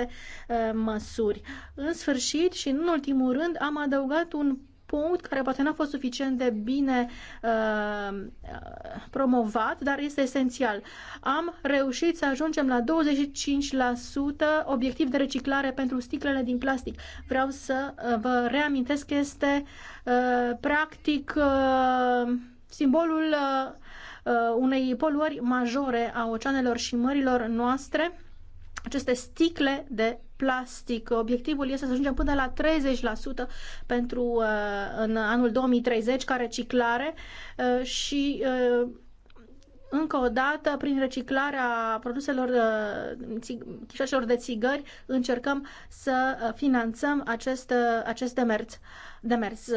aceste uh, măsuri. În sfârșit și în ultimul rând am adăugat un punct care poate n-a fost suficient de bine uh, promovat, dar este esențial. Am reușit să ajungem la 25% obiectiv de reciclare pentru sticlele din plastic. Vreau să uh, vă reamintesc că este uh, practic uh, simbolul uh, uh unei poluări majore a oceanelor și mărilor noastre aceste sticle de plastic. Obiectivul este să ajungem până la 30% pentru uh, în anul 2030 ca reciclare uh, și uh, încă o dată, prin reciclarea produselor chișașelor de țigări, încercăm să finanțăm acest, acest demers. demers.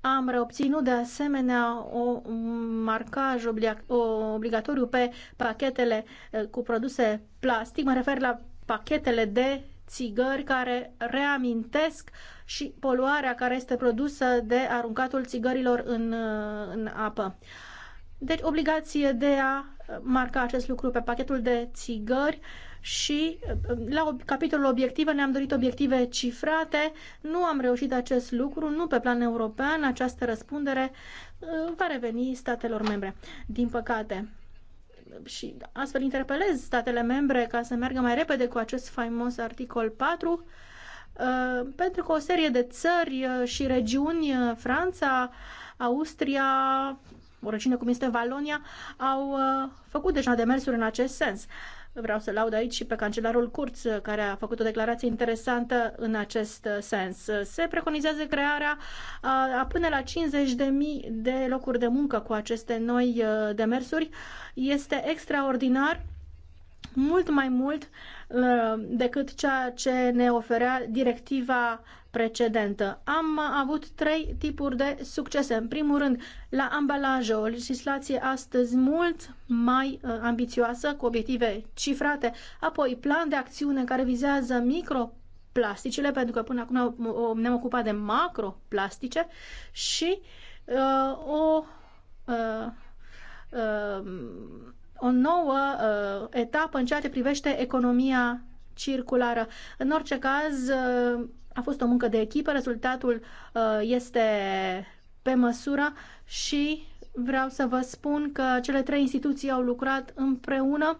Am reobținut de asemenea o marcaj obligatoriu pe pachetele eh, cu produse plastic, mă refer la pachetele de țigări care reamintesc și poluarea care este produsă de aruncatul țigărilor în, eh, în apă. Deci obligație de a marca acest lucru pe pachetul de țigări și uh, la capitolul obiective ne-am dorit obiective cifrate, nu am reușit acest lucru, nu pe plan european, această răspundere uh, va reveni statelor membre, din păcate. Și astfel interpelez statele membre ca să meargă mai repede cu acest faimos articol 4, uh, pentru că o serie de țări și regiuni, Franța, Austria, o regiune cum este Valonia, au făcut deja demersuri în acest sens vreau să laud aici și pe cancelarul curț, care a făcut o declarație interesantă în acest sens. Se preconizează crearea a până la 50.000 de locuri de muncă cu aceste noi uh, demersuri. Este extraordinar mult mai mult uh, decât ceea ce ne oferea directiva precedentă. Am avut trei tipuri de succese. În primul rând, la ambalaje, o legislație astăzi mult mai uh, ambițioasă, cu obiective cifrate, apoi plan de acțiune care vizează micro plasticele, pentru că până acum ne-am ocupat de macroplastice și uh, o, uh, uh, o nouă uh, etapă în ceea ce privește economia circulară. În orice caz, uh, a fost o muncă de echipă, rezultatul uh, este pe măsură și vreau să vă spun că cele trei instituții au lucrat împreună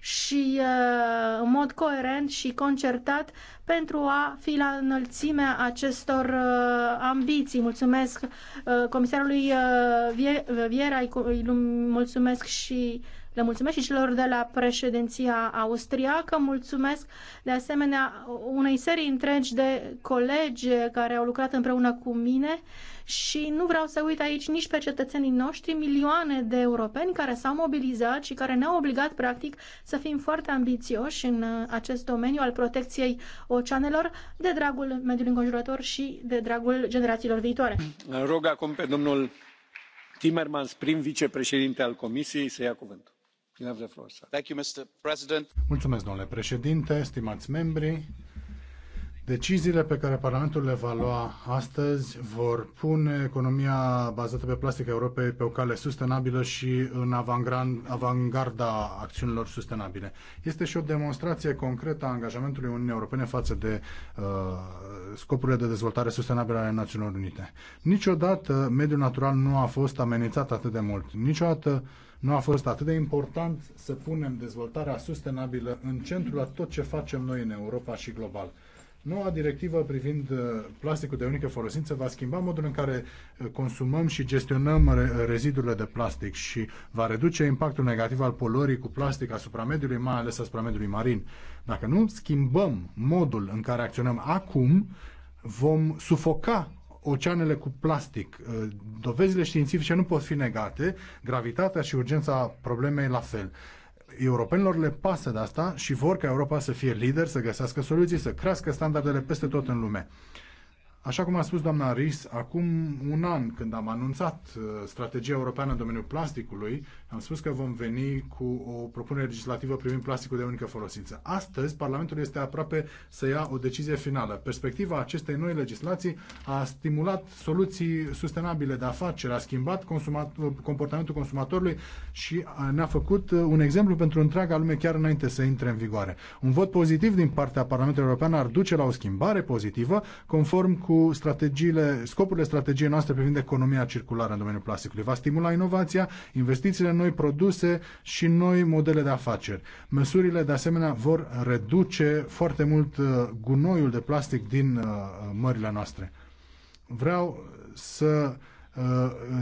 și uh, în mod coerent și concertat pentru a fi la înălțimea acestor uh, ambiții. Mulțumesc comisarului Viera, îi mulțumesc și le mulțumesc și celor de la președinția austriacă, mulțumesc de asemenea unei serii întregi de colegi care au lucrat împreună cu mine și nu vreau să uit aici nici pe cetățenii noștri, milioane de europeni care s-au mobilizat și care ne-au obligat practic să fim foarte ambițioși în acest domeniu al protecției oceanelor de dragul mediului înconjurător și de dragul generațiilor viitoare. Rog acum pe domnul Timmermans, prim vicepreședinte al Comisiei, să ia cuvântul domnule președinte stimați membri Deciziile pe care Parlamentul le va lua astăzi vor pune economia bazată pe plastic a Europei pe o cale sustenabilă și în avangarda acțiunilor sustenabile. Este și o demonstrație concretă a angajamentului Uniunii Europene față de uh, scopurile de dezvoltare sustenabilă ale Națiunilor Unite. Niciodată mediul natural nu a fost amenințat atât de mult. Niciodată nu a fost atât de important să punem dezvoltarea sustenabilă în centrul a tot ce facem noi în Europa și global. Noua directivă privind uh, plasticul de unică folosință va schimba modul în care uh, consumăm și gestionăm rezidurile de plastic și va reduce impactul negativ al poluării cu plastic asupra mediului, mai ales asupra mediului marin. Dacă nu schimbăm modul în care acționăm acum, vom sufoca oceanele cu plastic. Uh, dovezile științifice nu pot fi negate, gravitatea și urgența problemei la fel europenilor le pasă de asta și vor ca Europa să fie lider, să găsească soluții, să crească standardele peste tot în lume. Așa cum a spus doamna Ris, acum un an când am anunțat uh, strategia europeană în domeniul plasticului, am spus că vom veni cu o propunere legislativă privind plasticul de unică folosință. Astăzi, Parlamentul este aproape să ia o decizie finală. Perspectiva acestei noi legislații a stimulat soluții sustenabile de afaceri, a schimbat consumat, comportamentul consumatorului și ne-a făcut uh, un exemplu pentru întreaga lume chiar înainte să intre în vigoare. Un vot pozitiv din partea Parlamentului European ar duce la o schimbare pozitivă, conform cu strategiile, scopurile strategiei noastre privind economia circulară în domeniul plasticului. Va stimula inovația, investițiile în noi produse și noi modele de afaceri. Măsurile, de asemenea, vor reduce foarte mult uh, gunoiul de plastic din uh, mările noastre. Vreau să Uh,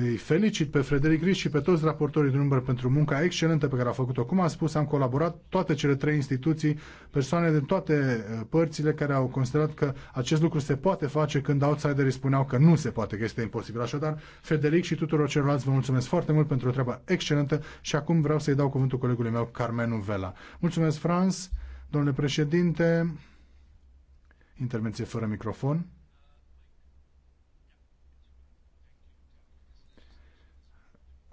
îi felicit pe Frederic Ries și pe toți raportorii din număr pentru munca excelentă pe care a făcut-o. Cum am spus, am colaborat toate cele trei instituții, persoane din toate uh, părțile care au considerat că acest lucru se poate face când outsiderii spuneau că nu se poate, că este imposibil. Așadar, Frederic și tuturor celorlalți vă mulțumesc foarte mult pentru o treabă excelentă și acum vreau să-i dau cuvântul colegului meu, Carmenu Vela. Mulțumesc, Franz, domnule președinte, intervenție fără microfon.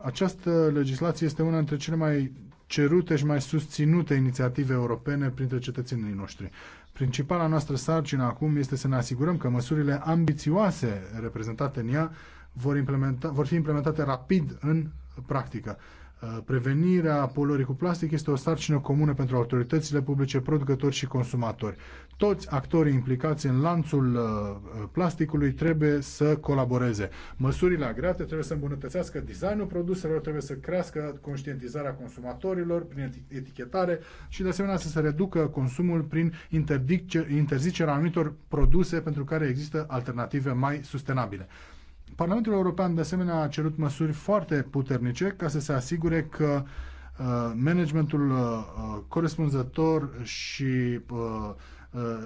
Această legislație este una dintre cele mai cerute și mai susținute inițiative europene printre cetățenii noștri. Principala noastră sarcină acum este să ne asigurăm că măsurile ambițioase reprezentate în ea vor, implementa, vor fi implementate rapid în practică. Uh, prevenirea poluării cu plastic este o sarcină comună pentru autoritățile publice, producători și consumatori. Toți actorii implicați în lanțul uh, plasticului trebuie să colaboreze. Măsurile agreate trebuie să îmbunătățească designul produselor, trebuie să crească conștientizarea consumatorilor prin etichetare și de asemenea să se reducă consumul prin interzicerea anumitor produse pentru care există alternative mai sustenabile. Parlamentul European, de asemenea, a cerut măsuri foarte puternice ca să se asigure că uh, managementul uh, uh, corespunzător și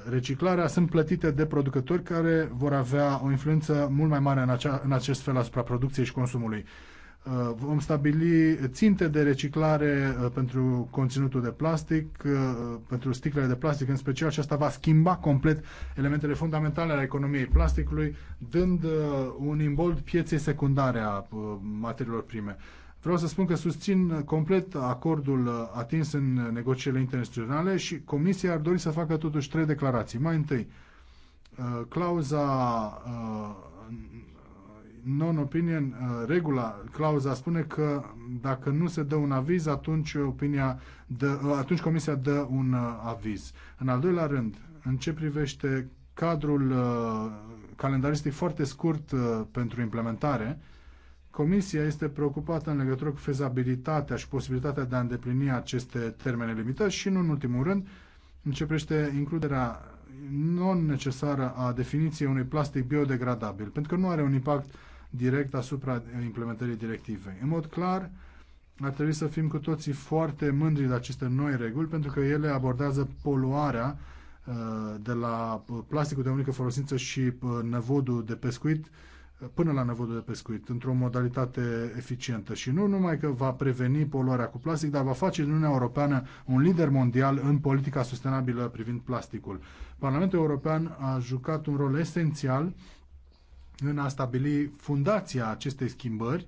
reciclarea sunt plătite de producători care vor avea o influență mult mai mare în, acea, în acest fel asupra producției și consumului. Uh, vom stabili ținte de reciclare uh, pentru conținutul de plastic, uh, pentru sticlele de plastic în special și asta va schimba complet elementele fundamentale ale economiei plasticului, dând un imbold pieței secundare a materiilor prime. Vreau să spun că susțin complet acordul atins în negocierile internaționale și Comisia ar dori să facă totuși trei declarații. Mai întâi, clauza non-opinion, uh, regula, clauza spune că dacă nu se dă un aviz, atunci, opinia dă, uh, atunci Comisia dă un uh, aviz. În al doilea rând, în ce privește cadrul calendaristic foarte scurt pentru implementare, Comisia este preocupată în legătură cu fezabilitatea și posibilitatea de a îndeplini aceste termene limitate și, nu în ultimul rând, începește includerea non necesară a definiției unui plastic biodegradabil, pentru că nu are un impact direct asupra implementării directivei. În mod clar, ar trebui să fim cu toții foarte mândri de aceste noi reguli, pentru că ele abordează poluarea uh, de la plasticul de unică folosință și uh, năvodul de pescuit uh, până la năvodul de pescuit, într-o modalitate eficientă. Și nu numai că va preveni poluarea cu plastic, dar va face din Uniunea Europeană un lider mondial în politica sustenabilă privind plasticul. Parlamentul European a jucat un rol esențial în a stabili fundația acestei schimbări,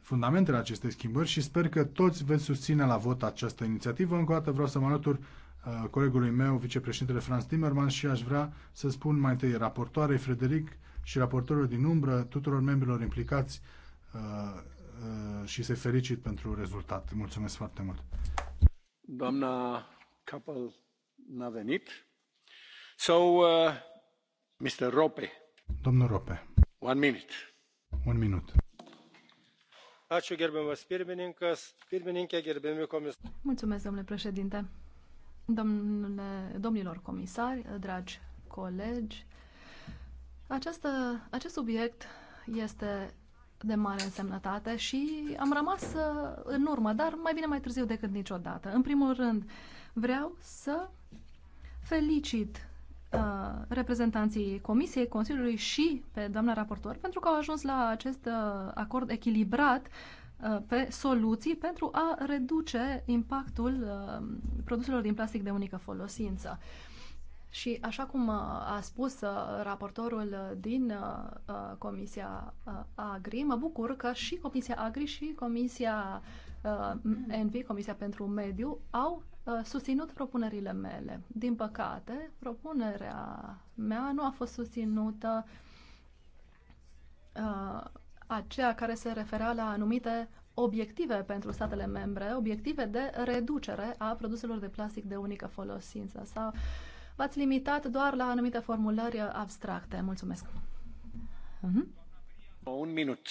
fundamentele acestei schimbări și sper că toți veți susține la vot această inițiativă. Încă o dată vreau să mă alătur uh, colegului meu, vicepreședintele Franz Timmermans și aș vrea să spun mai întâi raportoarei Frederic și raportorilor din umbră, tuturor membrilor implicați uh, uh, și să fericit pentru rezultat. Mulțumesc foarte mult! Doamna Capăl n-a venit. So, uh, Mr. Rope. Domnul Rope. Mulțumesc, domnule președinte domnilor comisari dragi colegi această, acest subiect este de mare însemnătate și am rămas uh, în urmă, dar mai bine mai târziu decât niciodată. În primul rând, vreau să felicit Uh, reprezentanții Comisiei, Consiliului și pe doamna raportor, pentru că au ajuns la acest uh, acord echilibrat uh, pe soluții pentru a reduce impactul uh, produselor din plastic de unică folosință. Și așa cum uh, a spus raportorul din Comisia Agri, mă bucur că și Comisia Agri și Comisia Envi, Comisia pentru Mediu, au Uh, susținut propunerile mele. Din păcate, propunerea mea nu a fost susținută uh, aceea care se referea la anumite obiective pentru statele membre, obiective de reducere a produselor de plastic de unică folosință sau v-ați limitat doar la anumite formulări abstracte. Mulțumesc. Uh-huh. Un minut.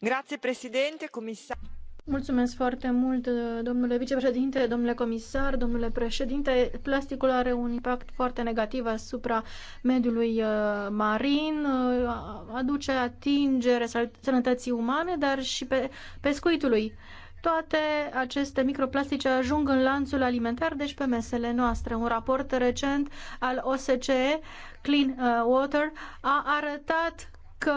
Grazie, președinte, comisar. Mulțumesc foarte mult, domnule vicepreședinte, domnule comisar, domnule președinte. Plasticul are un impact foarte negativ asupra mediului uh, marin, uh, aduce atingere sănătății umane, dar și pe pescuitului. Toate aceste microplastice ajung în lanțul alimentar, deci pe mesele noastre. Un raport recent al OSCE, Clean uh, Water, a arătat că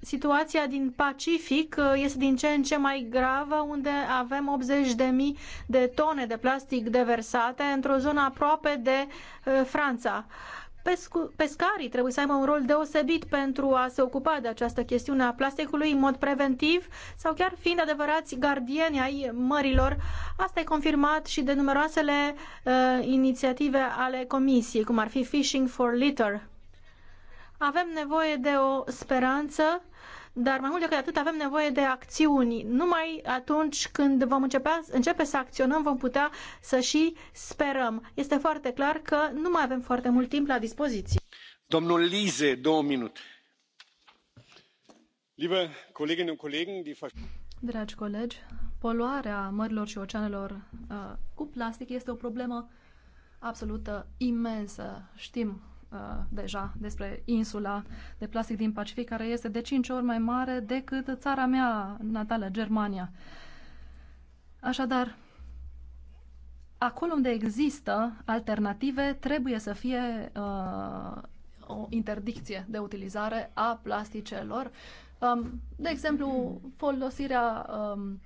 situația din Pacific uh, este din ce în ce mai gravă, unde avem 80.000 de tone de plastic deversate într-o zonă aproape de uh, Franța. Pescu- pescarii trebuie să aibă un rol deosebit pentru a se ocupa de această chestiune a plasticului în mod preventiv sau chiar fiind adevărați gardieni ai mărilor. Asta e confirmat și de numeroasele uh, inițiative ale comisiei, cum ar fi Fishing for Litter. Avem nevoie de o speranță, dar mai mult decât atât avem nevoie de acțiuni. Numai atunci când vom începe, începe să acționăm, vom putea să și sperăm. Este foarte clar că nu mai avem foarte mult timp la dispoziție. Domnul Lize, două minute. Liebe Kolleginnen und Kollegen, die Dragi colegi, poluarea mărilor și oceanelor uh, cu plastic este o problemă absolută imensă. Știm uh, deja despre insula de plastic din Pacific, care este de 5 ori mai mare decât țara mea natală, Germania. Așadar, acolo unde există alternative, trebuie să fie uh, o interdicție de utilizare a plasticelor. Um, de exemplu, folosirea um,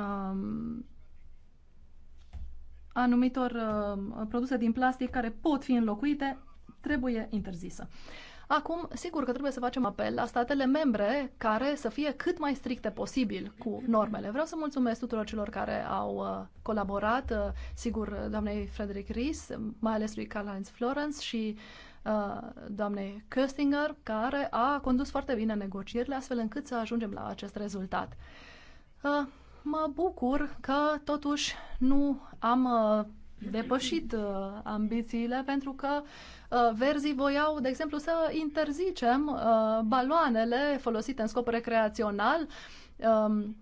um, anumitor uh, produse din plastic care pot fi înlocuite trebuie interzisă. Acum, sigur că trebuie să facem apel la statele membre care să fie cât mai stricte posibil cu normele. Vreau să mulțumesc tuturor celor care au uh, colaborat, uh, sigur, uh, doamnei Frederic Ries, mai ales lui Karl-Heinz Florence și doamnei Köstinger, care a condus foarte bine negocierile, astfel încât să ajungem la acest rezultat. Mă bucur că totuși nu am uh, depășit uh, ambițiile pentru că uh, verzii voiau, de exemplu, să interzicem baloanele folosite în scop recreațional um,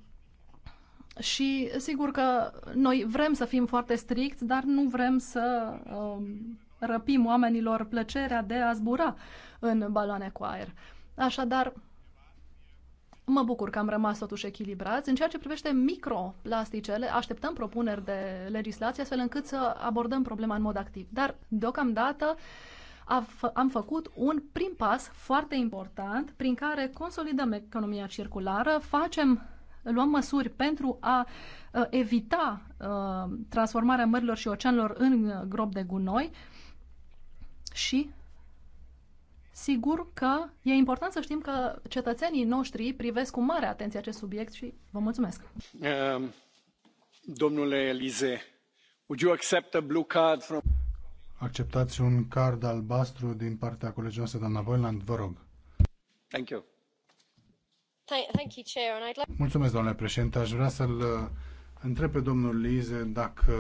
și sigur că noi vrem să fim foarte stricți, dar nu vrem să um, răpim oamenilor plăcerea de a zbura în baloane cu aer. Așadar, Mă bucur că am rămas totuși echilibrați. În ceea ce privește microplasticele, așteptăm propuneri de legislație astfel încât să abordăm problema în mod activ. Dar, deocamdată, am făcut un prim pas foarte important prin care consolidăm economia circulară, facem luăm măsuri pentru a uh, evita uh, transformarea mărilor și oceanelor în uh, grob de gunoi și Sigur că e important să știm că cetățenii noștri privesc cu mare atenție acest subiect și vă mulțumesc. Um, domnule Elize, would you accept a blue card from... Acceptați un card albastru din partea colegii noastre, doamna Voiland, vă rog. Thank you. Thank you, Chair, and I'd like... Mulțumesc, domnule președinte. Aș vrea să-l uh, întreb pe domnul Lize dacă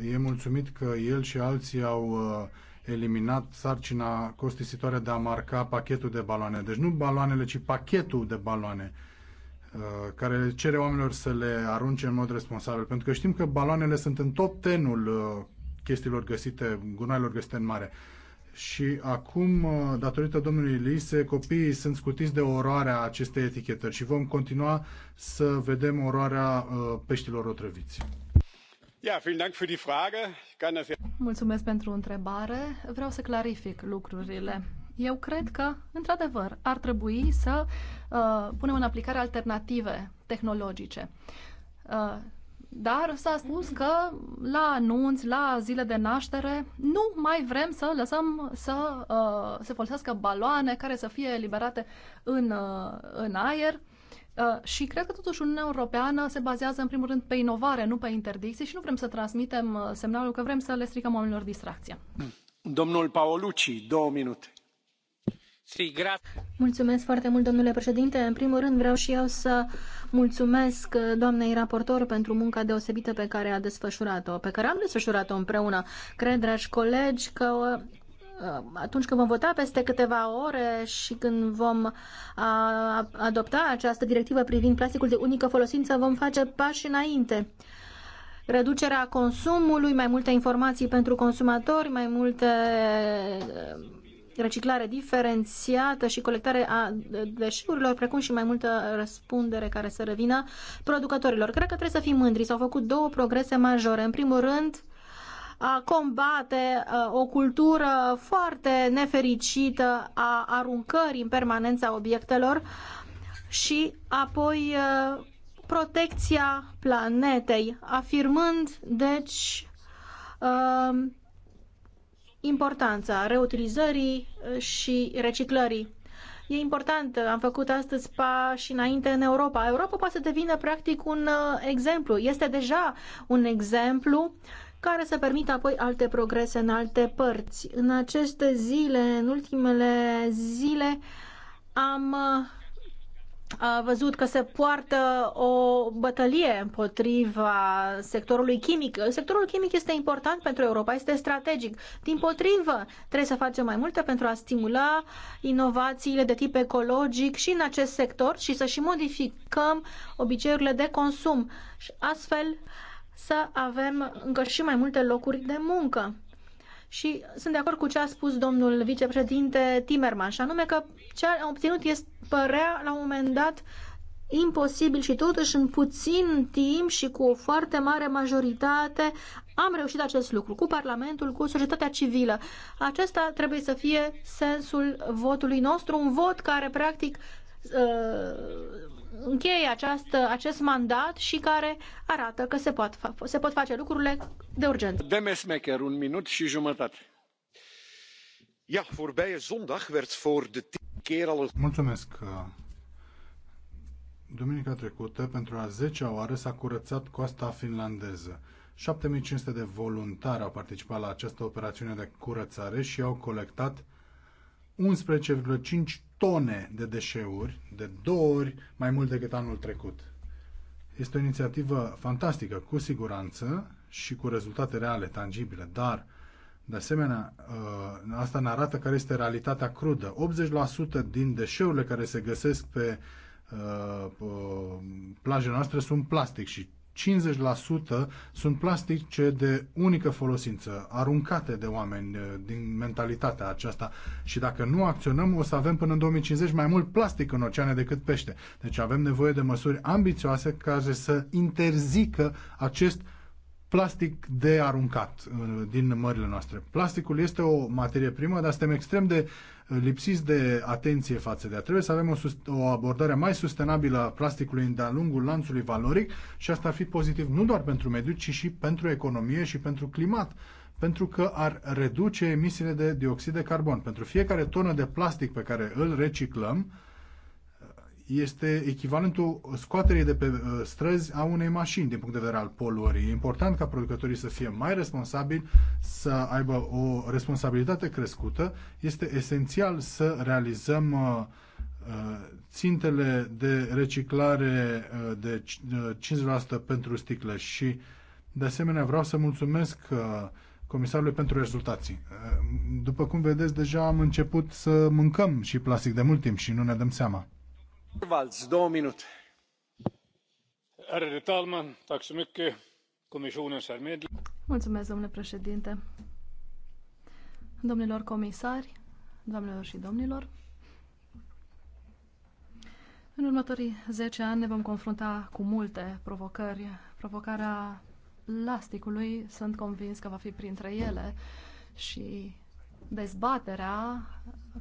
uh, e mulțumit că el și alții au uh, eliminat sarcina costisitoare de a marca pachetul de baloane. Deci nu baloanele, ci pachetul de baloane uh, care cere oamenilor să le arunce în mod responsabil. Pentru că știm că baloanele sunt în top tenul uh, chestiilor găsite, gunoaielor găsite în mare. Și acum, uh, datorită domnului Lise, copiii sunt scutiți de oroarea acestei etichetări și vom continua să vedem oroarea peștilor otrăviți. Mulțumesc pentru întrebare. Vreau să clarific lucrurile. Eu cred că, într-adevăr, ar trebui să uh, punem în aplicare alternative tehnologice. Uh, dar s-a spus că la anunți, la zile de naștere, nu mai vrem să lăsăm să uh, se folosească baloane care să fie eliberate în, uh, în aer Uh, și cred că totuși Uniunea Europeană se bazează în primul rând pe inovare, nu pe interdicții și nu vrem să transmitem uh, semnalul că vrem să le stricăm oamenilor distracția. Hmm. Domnul Paolucci, două minute. Mulțumesc foarte mult, domnule președinte. În primul rând vreau și eu să mulțumesc uh, doamnei raportor pentru munca deosebită pe care a desfășurat-o, pe care am desfășurat-o împreună. Cred, dragi colegi, că Uh, atunci când vom vota peste câteva ore și când vom uh, adopta această directivă privind plasticul de unică folosință, vom face pași înainte. Reducerea consumului, mai multe informații pentru consumatori, mai multe uh, reciclare diferențiată și colectare a deșeurilor, precum și mai multă răspundere care să revină producătorilor. Cred că trebuie să fim mândri. S-au făcut două progrese majore. În primul rând, a combate uh, o cultură foarte nefericită a aruncării în permanența obiectelor și apoi uh, protecția planetei, afirmând, deci, uh, importanța reutilizării și reciclării. E important, am făcut astăzi pași înainte în Europa. Europa poate să devină practic un exemplu. Este deja un exemplu care să permită apoi alte progrese în alte părți. În aceste zile, în ultimele zile, am uh, văzut că se poartă o bătălie împotriva sectorului chimic. Sectorul chimic este important pentru Europa, este strategic. Din potrivă, trebuie să facem mai multe pentru a stimula inovațiile de tip ecologic și în acest sector și să și modificăm obiceiurile de consum. Și astfel, să avem încă și mai multe locuri de muncă. Și sunt de acord cu ce a spus domnul vicepreședinte Timerman, și anume că ce a obținut este părea la un moment dat imposibil și totuși în puțin timp și cu o foarte mare majoritate am reușit acest lucru cu Parlamentul, cu societatea civilă. Acesta trebuie să fie sensul votului nostru, un vot care practic ă, încheie această, acest mandat și care arată că se pot, se pot face lucrurile de urgență. Demesmecher, un minut și jumătate. Ja, voorbije zondag werd voor de keer al... Mulțumesc. Duminica trecută, pentru a 10-a oară, s-a curățat coasta finlandeză. 7500 de voluntari au participat la această operațiune de curățare și au colectat 11,5 tone de deșeuri, de două ori mai mult decât anul trecut. Este o inițiativă fantastică, cu siguranță și cu rezultate reale, tangibile, dar, de asemenea, ă, asta ne arată care este realitatea crudă. 80% din deșeurile care se găsesc pe ă, plajele noastre sunt plastic și 50% sunt plastice de unică folosință, aruncate de oameni din mentalitatea aceasta și dacă nu acționăm o să avem până în 2050 mai mult plastic în oceane decât pește. Deci avem nevoie de măsuri ambițioase care să interzică acest plastic de aruncat uh, din mările noastre. Plasticul este o materie primă, dar suntem extrem de lipsiți de atenție față de ea. Trebuie să avem o, o abordare mai sustenabilă a plasticului de-a lungul lanțului valoric și asta ar fi pozitiv nu doar pentru mediu, ci și pentru economie și pentru climat pentru că ar reduce emisiile de dioxid de carbon. Pentru fiecare tonă de plastic pe care îl reciclăm, este echivalentul scoaterii de pe uh, străzi a unei mașini din punct de vedere al poluării. E important ca producătorii să fie mai responsabili, să aibă o responsabilitate crescută. Este esențial să realizăm uh, uh, țintele de reciclare de 50% pentru sticle și de asemenea vreau să mulțumesc comisarului pentru rezultații. După cum vedeți, deja am început să mâncăm și plastic de mult timp și nu ne dăm seama domnule președinte domnilor comisari doamnelor și domnilor în următorii zece ani ne vom confrunta cu multe provocări. Provocarea plasticului sunt convins că va fi printre ele și dezbaterea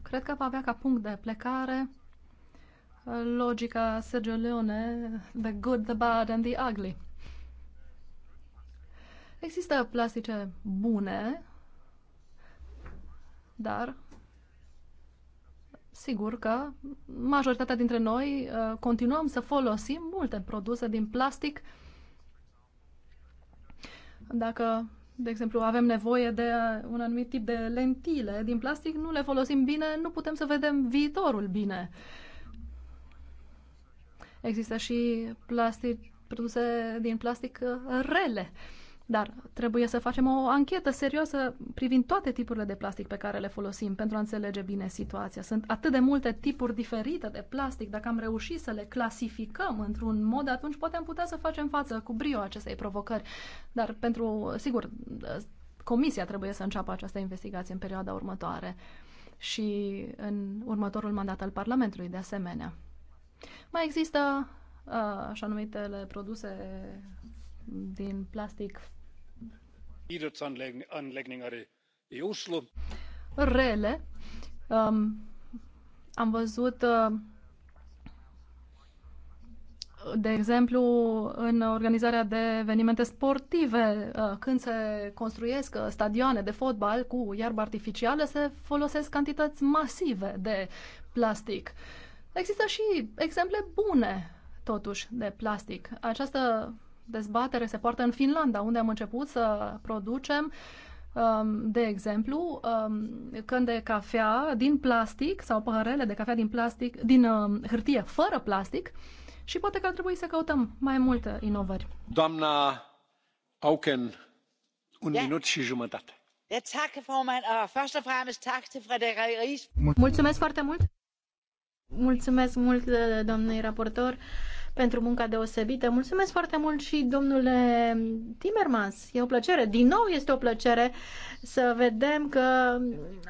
cred că va avea ca punct de plecare logica Sergio Leone, The Good, The Bad and The Ugly. Există plastice bune, dar sigur că majoritatea dintre noi uh, continuăm să folosim multe produse din plastic. Dacă, de exemplu, avem nevoie de uh, un anumit tip de lentile din plastic, nu le folosim bine, nu putem să vedem viitorul bine. Uh, Există și plastic, produse din plastic uh, rele. Dar trebuie să facem o anchetă serioasă privind toate tipurile de plastic pe care le folosim pentru a înțelege bine situația. Sunt atât de multe tipuri diferite de plastic. Dacă am reușit să le clasificăm într-un mod, atunci poate am putea să facem față cu brio acestei provocări. Dar pentru, sigur, comisia trebuie să înceapă această investigație în perioada următoare și în următorul mandat al Parlamentului, de asemenea. Mai există uh, așa numitele produse din plastic rele. Um, am văzut, uh, de exemplu, în organizarea de evenimente sportive, uh, când se construiesc stadioane de fotbal cu iarbă artificială, se folosesc cantități masive de plastic. Uh, Există și exemple bune, totuși, de plastic. Această dezbatere se poartă în Finlanda, unde am început să producem, um, de exemplu, um, când de cafea din plastic sau paharele de cafea din plastic, din um, hârtie fără plastic și poate că ar trebui să căutăm mai multe inovări. Doamna Auken, un yeah. minut și jumătate. Mulțumesc foarte mult! Mulțumesc mult, uh, domnului raportor, pentru munca deosebită. Mulțumesc foarte mult și domnule Timmermans. E o plăcere. Din nou este o plăcere să vedem că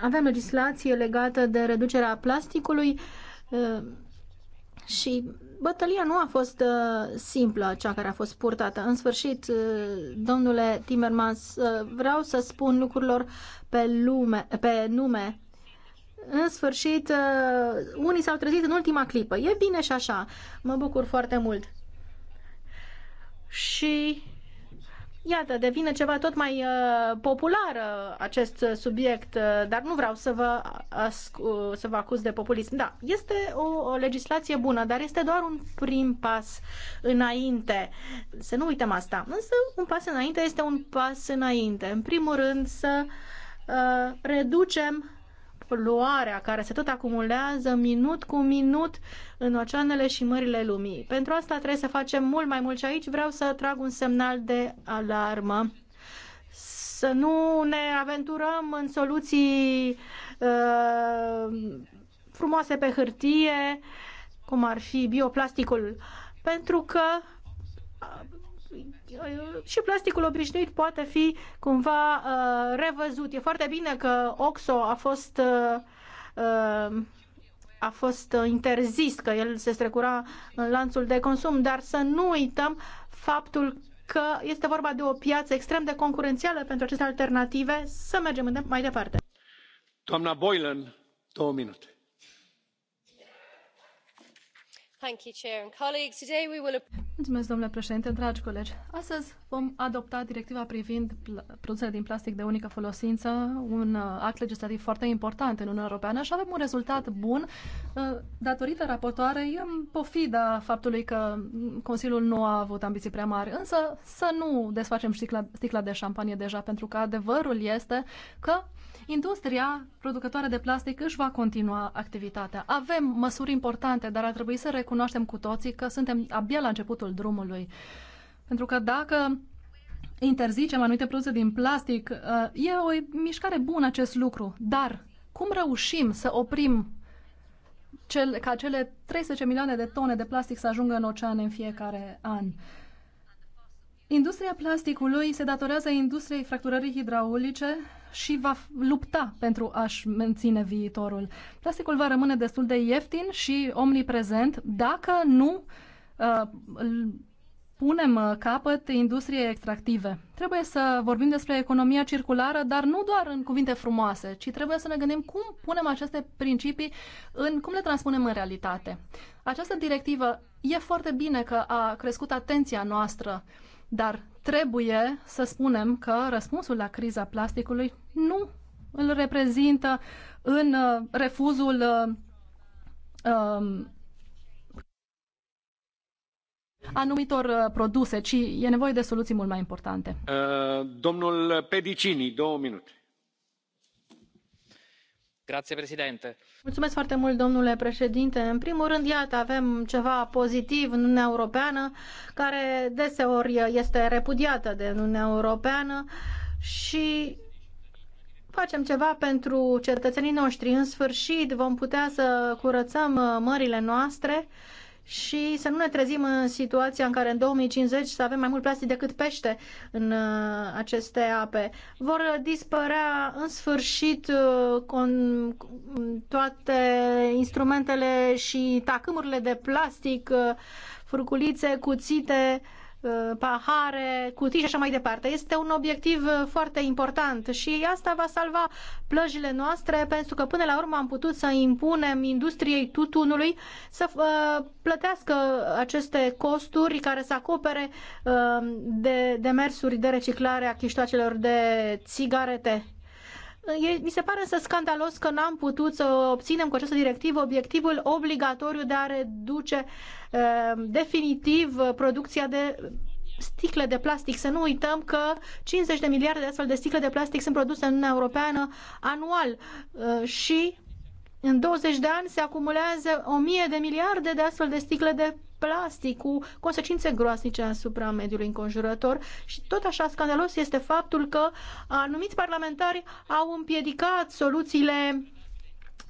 avem legislație legată de reducerea plasticului uh, și bătălia nu a fost uh, simplă, cea care a fost purtată. În sfârșit, domnule Timmermans, vreau să spun lucrurilor pe, lume, pe nume în sfârșit, uh, unii s-au trezit în ultima clipă. E bine și așa. Mă bucur foarte mult. Și iată, devine ceva tot mai uh, popular uh, acest subiect, dar nu vreau să vă, să vă acuz de populism. Da, este o, o legislație bună, dar este doar un prim pas înainte. Să nu uităm asta. Însă un pas înainte este un pas înainte. În primul rând să uh, reducem poluarea care se tot acumulează minut cu minut în oceanele și mările lumii. Pentru asta trebuie să facem mult mai mult și aici vreau să trag un semnal de alarmă. Să nu ne aventurăm în soluții uh, frumoase pe hârtie, cum ar fi bioplasticul, pentru că și plasticul obișnuit poate fi cumva uh, revăzut. E foarte bine că OXO a fost uh, uh, a fost interzis, că el se strecura în lanțul de consum, dar să nu uităm faptul că este vorba de o piață extrem de concurențială pentru aceste alternative. Să mergem mai departe. Doamna Boylan, două minute Mulțumesc, domnule președinte, dragi colegi. Astăzi vom adopta directiva privind produsele din plastic de unică folosință, un uh, act legislativ foarte important în Uniunea Europeană și avem un rezultat bun uh, datorită raportoarei, în pofida faptului că Consiliul nu a avut ambiții prea mari. Însă să nu desfacem sticla, sticla de șampanie deja, pentru că adevărul este că Industria producătoare de plastic își va continua activitatea. Avem măsuri importante, dar ar trebui să recunoaștem cu toții că suntem abia la începutul drumului. Pentru că dacă interzicem anumite produse din plastic, uh, e o mișcare bună acest lucru, dar cum reușim să oprim cel, ca cele 13 milioane de tone de plastic să ajungă în oceane în fiecare an? Industria plasticului se datorează industriei fracturării hidraulice și va lupta pentru a-și menține viitorul. Plasticul va rămâne destul de ieftin și omniprezent dacă nu uh, punem uh, capăt industriei extractive. Trebuie să vorbim despre economia circulară, dar nu doar în cuvinte frumoase, ci trebuie să ne gândim cum punem aceste principii în cum le transpunem în realitate. Această directivă e foarte bine că a crescut atenția noastră uh, dar trebuie să spunem că răspunsul la criza plasticului nu îl reprezintă în uh, refuzul uh, um, anumitor uh, produse, ci e nevoie de soluții mult mai importante. Uh, domnul Pedicini, două minute. Mulțumesc foarte mult, domnule președinte. În primul rând, iată, avem ceva pozitiv în Uniunea Europeană, care deseori este repudiată de Uniunea Europeană și facem ceva pentru cetățenii noștri. În sfârșit vom putea să curățăm uh, mările noastre uh, și să nu ne trezim în situația în care în 2050 să avem mai mult plastic decât pește în uh, aceste ape. Vor dispărea în sfârșit uh, toate instrumentele și tacâmurile de plastic, uh, furculițe, cuțite, Uh, pahare, cutii și așa mai departe. Este un obiectiv uh, foarte important și asta va salva plăjile noastre pentru că până la urmă am putut să impunem industriei tutunului să uh, plătească aceste costuri care să acopere de demersuri de reciclare a chiștoacelor de țigarete. E, mi se pare însă scandalos că n-am putut să obținem cu această directivă obiectivul obligatoriu de a reduce definitiv producția de sticle de plastic. Să nu uităm că 50 de miliarde de astfel de sticle de plastic sunt produse în Uniunea Europeană anual și în 20 de ani se acumulează 1000 de miliarde de astfel de sticle de plastic cu consecințe groasnice asupra mediului înconjurător și tot așa scandalos este faptul că anumiți parlamentari au împiedicat soluțiile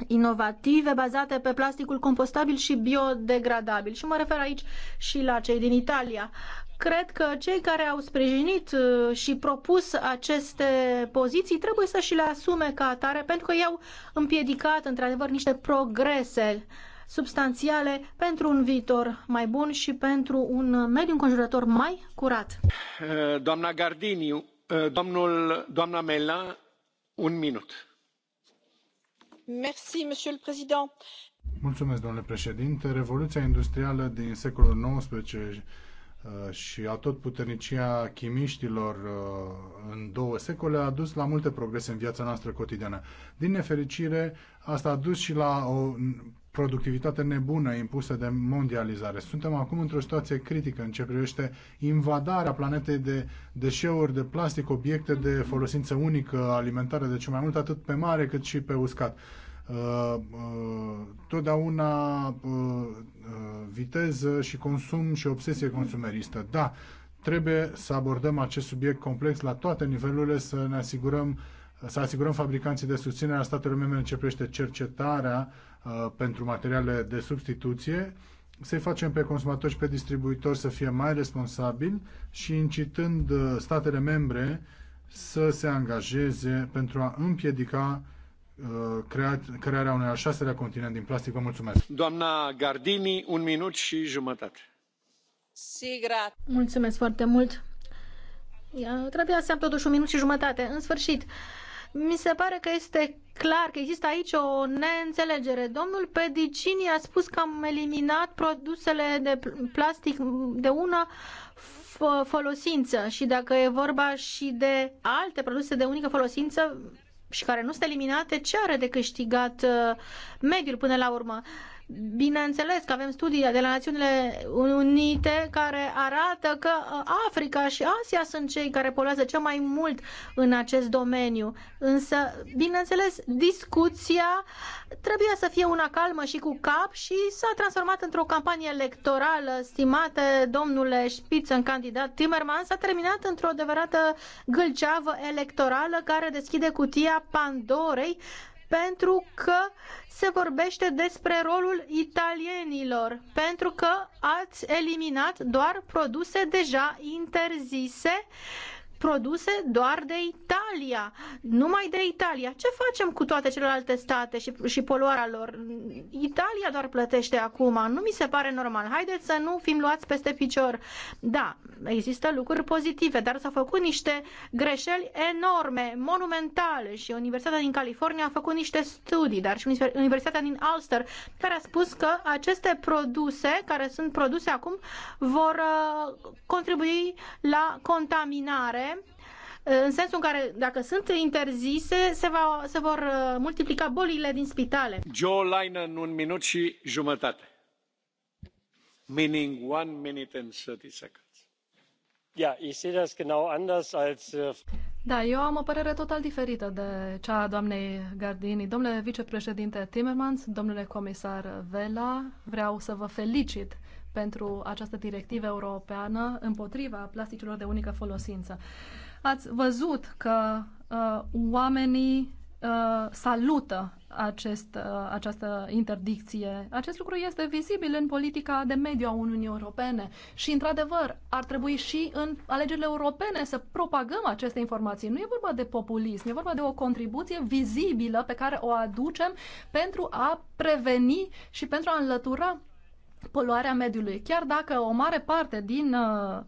inovative bazate pe plasticul compostabil și biodegradabil. Și mă refer aici și la cei din Italia. Cred că cei care au sprijinit uh, și propus aceste poziții trebuie să și le asume ca atare pentru că i-au împiedicat într-adevăr niște progrese uh, substanțiale pentru un viitor mai bun și pentru un mediu înconjurător mai curat. Eh, doamna Gardini, eh, domnul, doamna Mela, un minut. Merci, monsieur le président. Mulțumesc, domnule președinte. Revoluția industrială din secolul XIX eh, și a tot puternicia chimiștilor în două secole a dus la multe progrese în viața noastră cotidiană. Din nefericire, asta a dus și la o productivitate nebună impusă de mondializare. Suntem acum într-o situație critică în ce privește invadarea planetei de deșeuri de plastic, obiecte de folosință unică, alimentare, deci mai mult atât pe mare cât și pe uscat. Uh, uh, totdeauna uh, uh, viteză și consum și obsesie consumeristă. Da, trebuie să abordăm acest subiect complex la toate nivelurile, să ne asigurăm să asigurăm fabricanții de susținere a statelor membre în ce privește cercetarea uh, Uh, pentru materiale de substituție, să-i facem pe consumatori și pe distribuitori să fie mai responsabili și incitând uh, statele membre să se angajeze pentru a împiedica uh, crea crearea unui al șaselea continent din plastic. Vă mulțumesc. Doamna Gardini, un minut și jumătate. Sigra. Mulțumesc foarte mult. Trebuia să am totuși un minut și jumătate. În sfârșit, uh, mi se pare că este clar că există aici o neînțelegere. Domnul Pedicini a spus că am eliminat produsele de plastic de una folosință și dacă e vorba și de alte produse de unică folosință și care nu sunt eliminate, ce are de câștigat uh, mediul până la urmă? Bineînțeles că avem studii de la Națiunile Unite care arată că uh, Africa și Asia sunt cei care poluează cel mai mult în acest domeniu. Însă, bineînțeles, discuția trebuia să fie una calmă și cu cap și s-a transformat într-o campanie electorală. Stimate domnule Spiță, în candidat Timerman, s-a terminat într-o adevărată gâlceavă electorală care deschide cutia Pandorei pentru că se vorbește despre rolul italienilor, pentru că ați eliminat doar produse deja interzise uh, produse doar de Italia, numai de Italia. Ce facem cu toate celelalte state și, și poluarea lor? Italia doar plătește acum, nu mi se pare normal. Haideți să nu fim luați peste picior. Da, există lucruri pozitive, dar s-au făcut niște greșeli enorme, monumentale și Universitatea din California a făcut niște studii, dar și Universitatea din Ulster, care a spus că aceste produse, care sunt produse acum, vor uh, contribui la contaminare în sensul în care, dacă sunt interzise, se, va, se vor uh, multiplica bolile din spitale. Joe în un minut și jumătate. Meaning one minute and 30 seconds. Ja, ich sehe das genau anders als... Uh, da, eu am o părere total diferită de cea a doamnei Gardini. Domnule vicepreședinte Timmermans, domnule comisar Vela, vreau să vă felicit pentru această directivă europeană împotriva plasticilor de unică folosință. Uh, ați văzut că uh, oamenii uh, salută acest, uh, această interdicție. Acest lucru este vizibil în politica de mediu a Uniunii Europene și, într-adevăr, ar trebui și în alegerile europene să propagăm aceste informații. Nu e vorba de populism, e vorba de o contribuție vizibilă pe care o aducem pentru a preveni și pentru a înlătura poluarea mediului. Chiar dacă o mare parte din uh,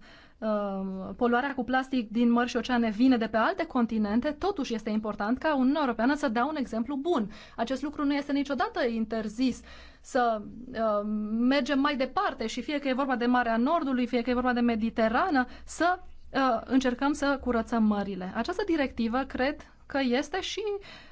Um, poluarea cu plastic din mări și oceane vine de pe alte continente, totuși este important ca Uniunea Europeană să dea un exemplu bun. Acest lucru nu este niciodată interzis să uh, mergem mai departe și fie că e vorba de Marea Nordului, fie că e vorba de Mediterană, să uh, încercăm să curățăm mările. Această directivă, cred că este și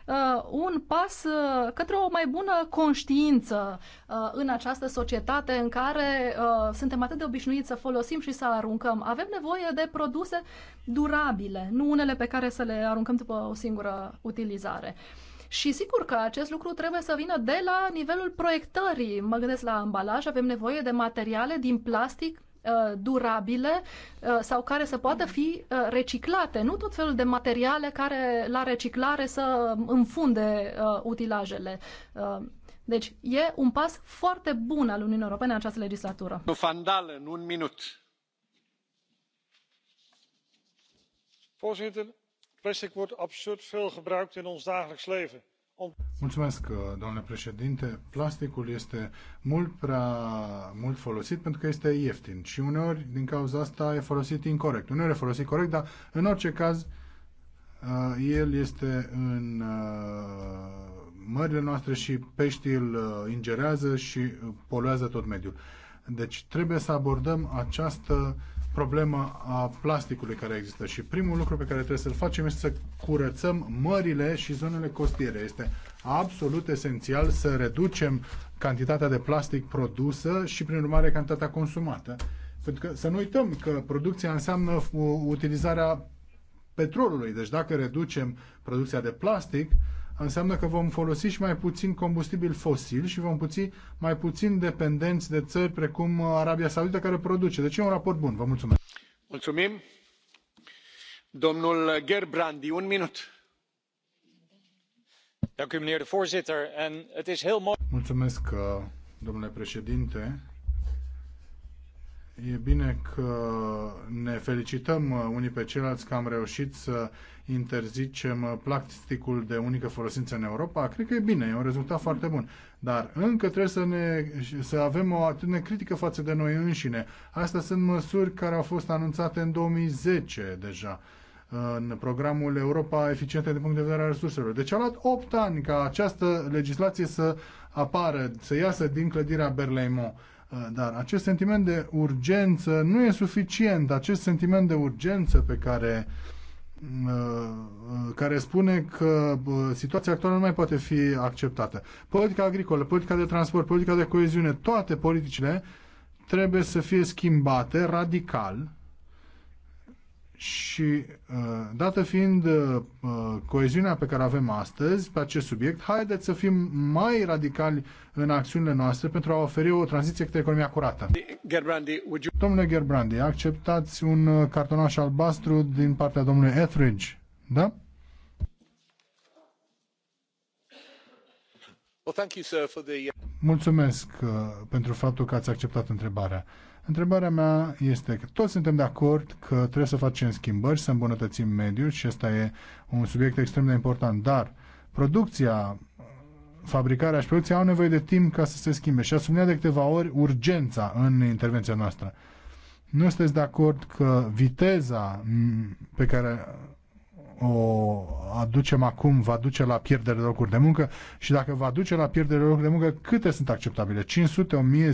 uh, un pas uh, către o mai bună conștiință uh, în această societate în care uh, suntem atât de obișnuiți să folosim și să aruncăm. Avem nevoie de produse durabile, nu unele pe care să le aruncăm după o singură utilizare. Și sigur că acest lucru trebuie să vină de la nivelul proiectării. Mă gândesc la ambalaj, avem nevoie de materiale din plastic Uh, durabile uh, sau care să poată fi uh, reciclate, nu tot felul de materiale care la reciclare să înfunde utilajele. Deci e un pas foarte bun al Uniunii Europene în această legislatură. fandal în un minut. Voorzitter, plastic wordt absurd veel gebruikt in ons dagelijks leven. Mulțumesc, uh, domnule președinte. Plasticul este mult prea mult folosit pentru că este ieftin și uneori, din cauza asta, e folosit incorrect. Uneori e folosit corect, dar în orice caz, uh, el este în uh, mările noastre și peștii îl ingerează și poluează tot mediul. Deci trebuie să abordăm această problema a plasticului care există și primul lucru pe care trebuie să-l facem este să curățăm mările și zonele costiere. Este absolut esențial să reducem cantitatea de plastic produsă și, prin urmare, cantitatea consumată. Pentru că să nu uităm că producția înseamnă utilizarea petrolului. Deci dacă reducem producția de plastic, înseamnă că vom folosi și mai puțin combustibil fosil și vom puțin mai puțin dependenți de țări precum Arabia Saudită care produce. Deci e un raport bun. Vă mulțumesc. Mulțumim. Domnul Gerbrandi, un minut. Mulțumesc, uh, domnule președinte. E bine că ne felicităm uh, unii pe ceilalți că am reușit să interzicem uh, plasticul de unică folosință în Europa. Cred că e bine, e un rezultat foarte bun. Dar încă trebuie să, ne, să avem o atitudine critică față de noi înșine. Astea sunt măsuri care au fost anunțate în 2010 deja uh, în programul Europa Eficientă din punct de vedere al resurselor. Deci a luat 8 ani ca această legislație să apară, să iasă din clădirea Berlaymont Eh, dar acest sentiment de urgență nu e suficient. Acest sentiment de urgență pe care eh, care spune că situația actuală nu mai poate fi acceptată. Politica agricolă, politica de transport, politica de coeziune, toate politicile trebuie să fie schimbate radical și uh, dată fiind uh, uh, coeziunea pe care avem astăzi pe acest subiect, haideți să fim mai radicali în acțiunile noastre pentru a oferi o tranziție către economia curată. Gerbrandi, you... Domnule Gerbrandi, acceptați un cartonaș albastru din partea domnului Etheridge, da? Well, thank you, sir, for the... Mulțumesc uh, pentru faptul că ați acceptat întrebarea. Întrebarea mea este că toți suntem de acord că trebuie să facem schimbări, să îmbunătățim mediul și ăsta e un subiect extrem de important, dar producția, fabricarea și producția au nevoie de timp ca să se schimbe și a subliniat de câteva ori urgența în intervenția noastră. Nu sunteți de acord că viteza pe care o aducem acum va duce la pierdere de locuri de muncă și dacă va duce la pierdere de locuri de muncă, câte sunt acceptabile? 500, 1000,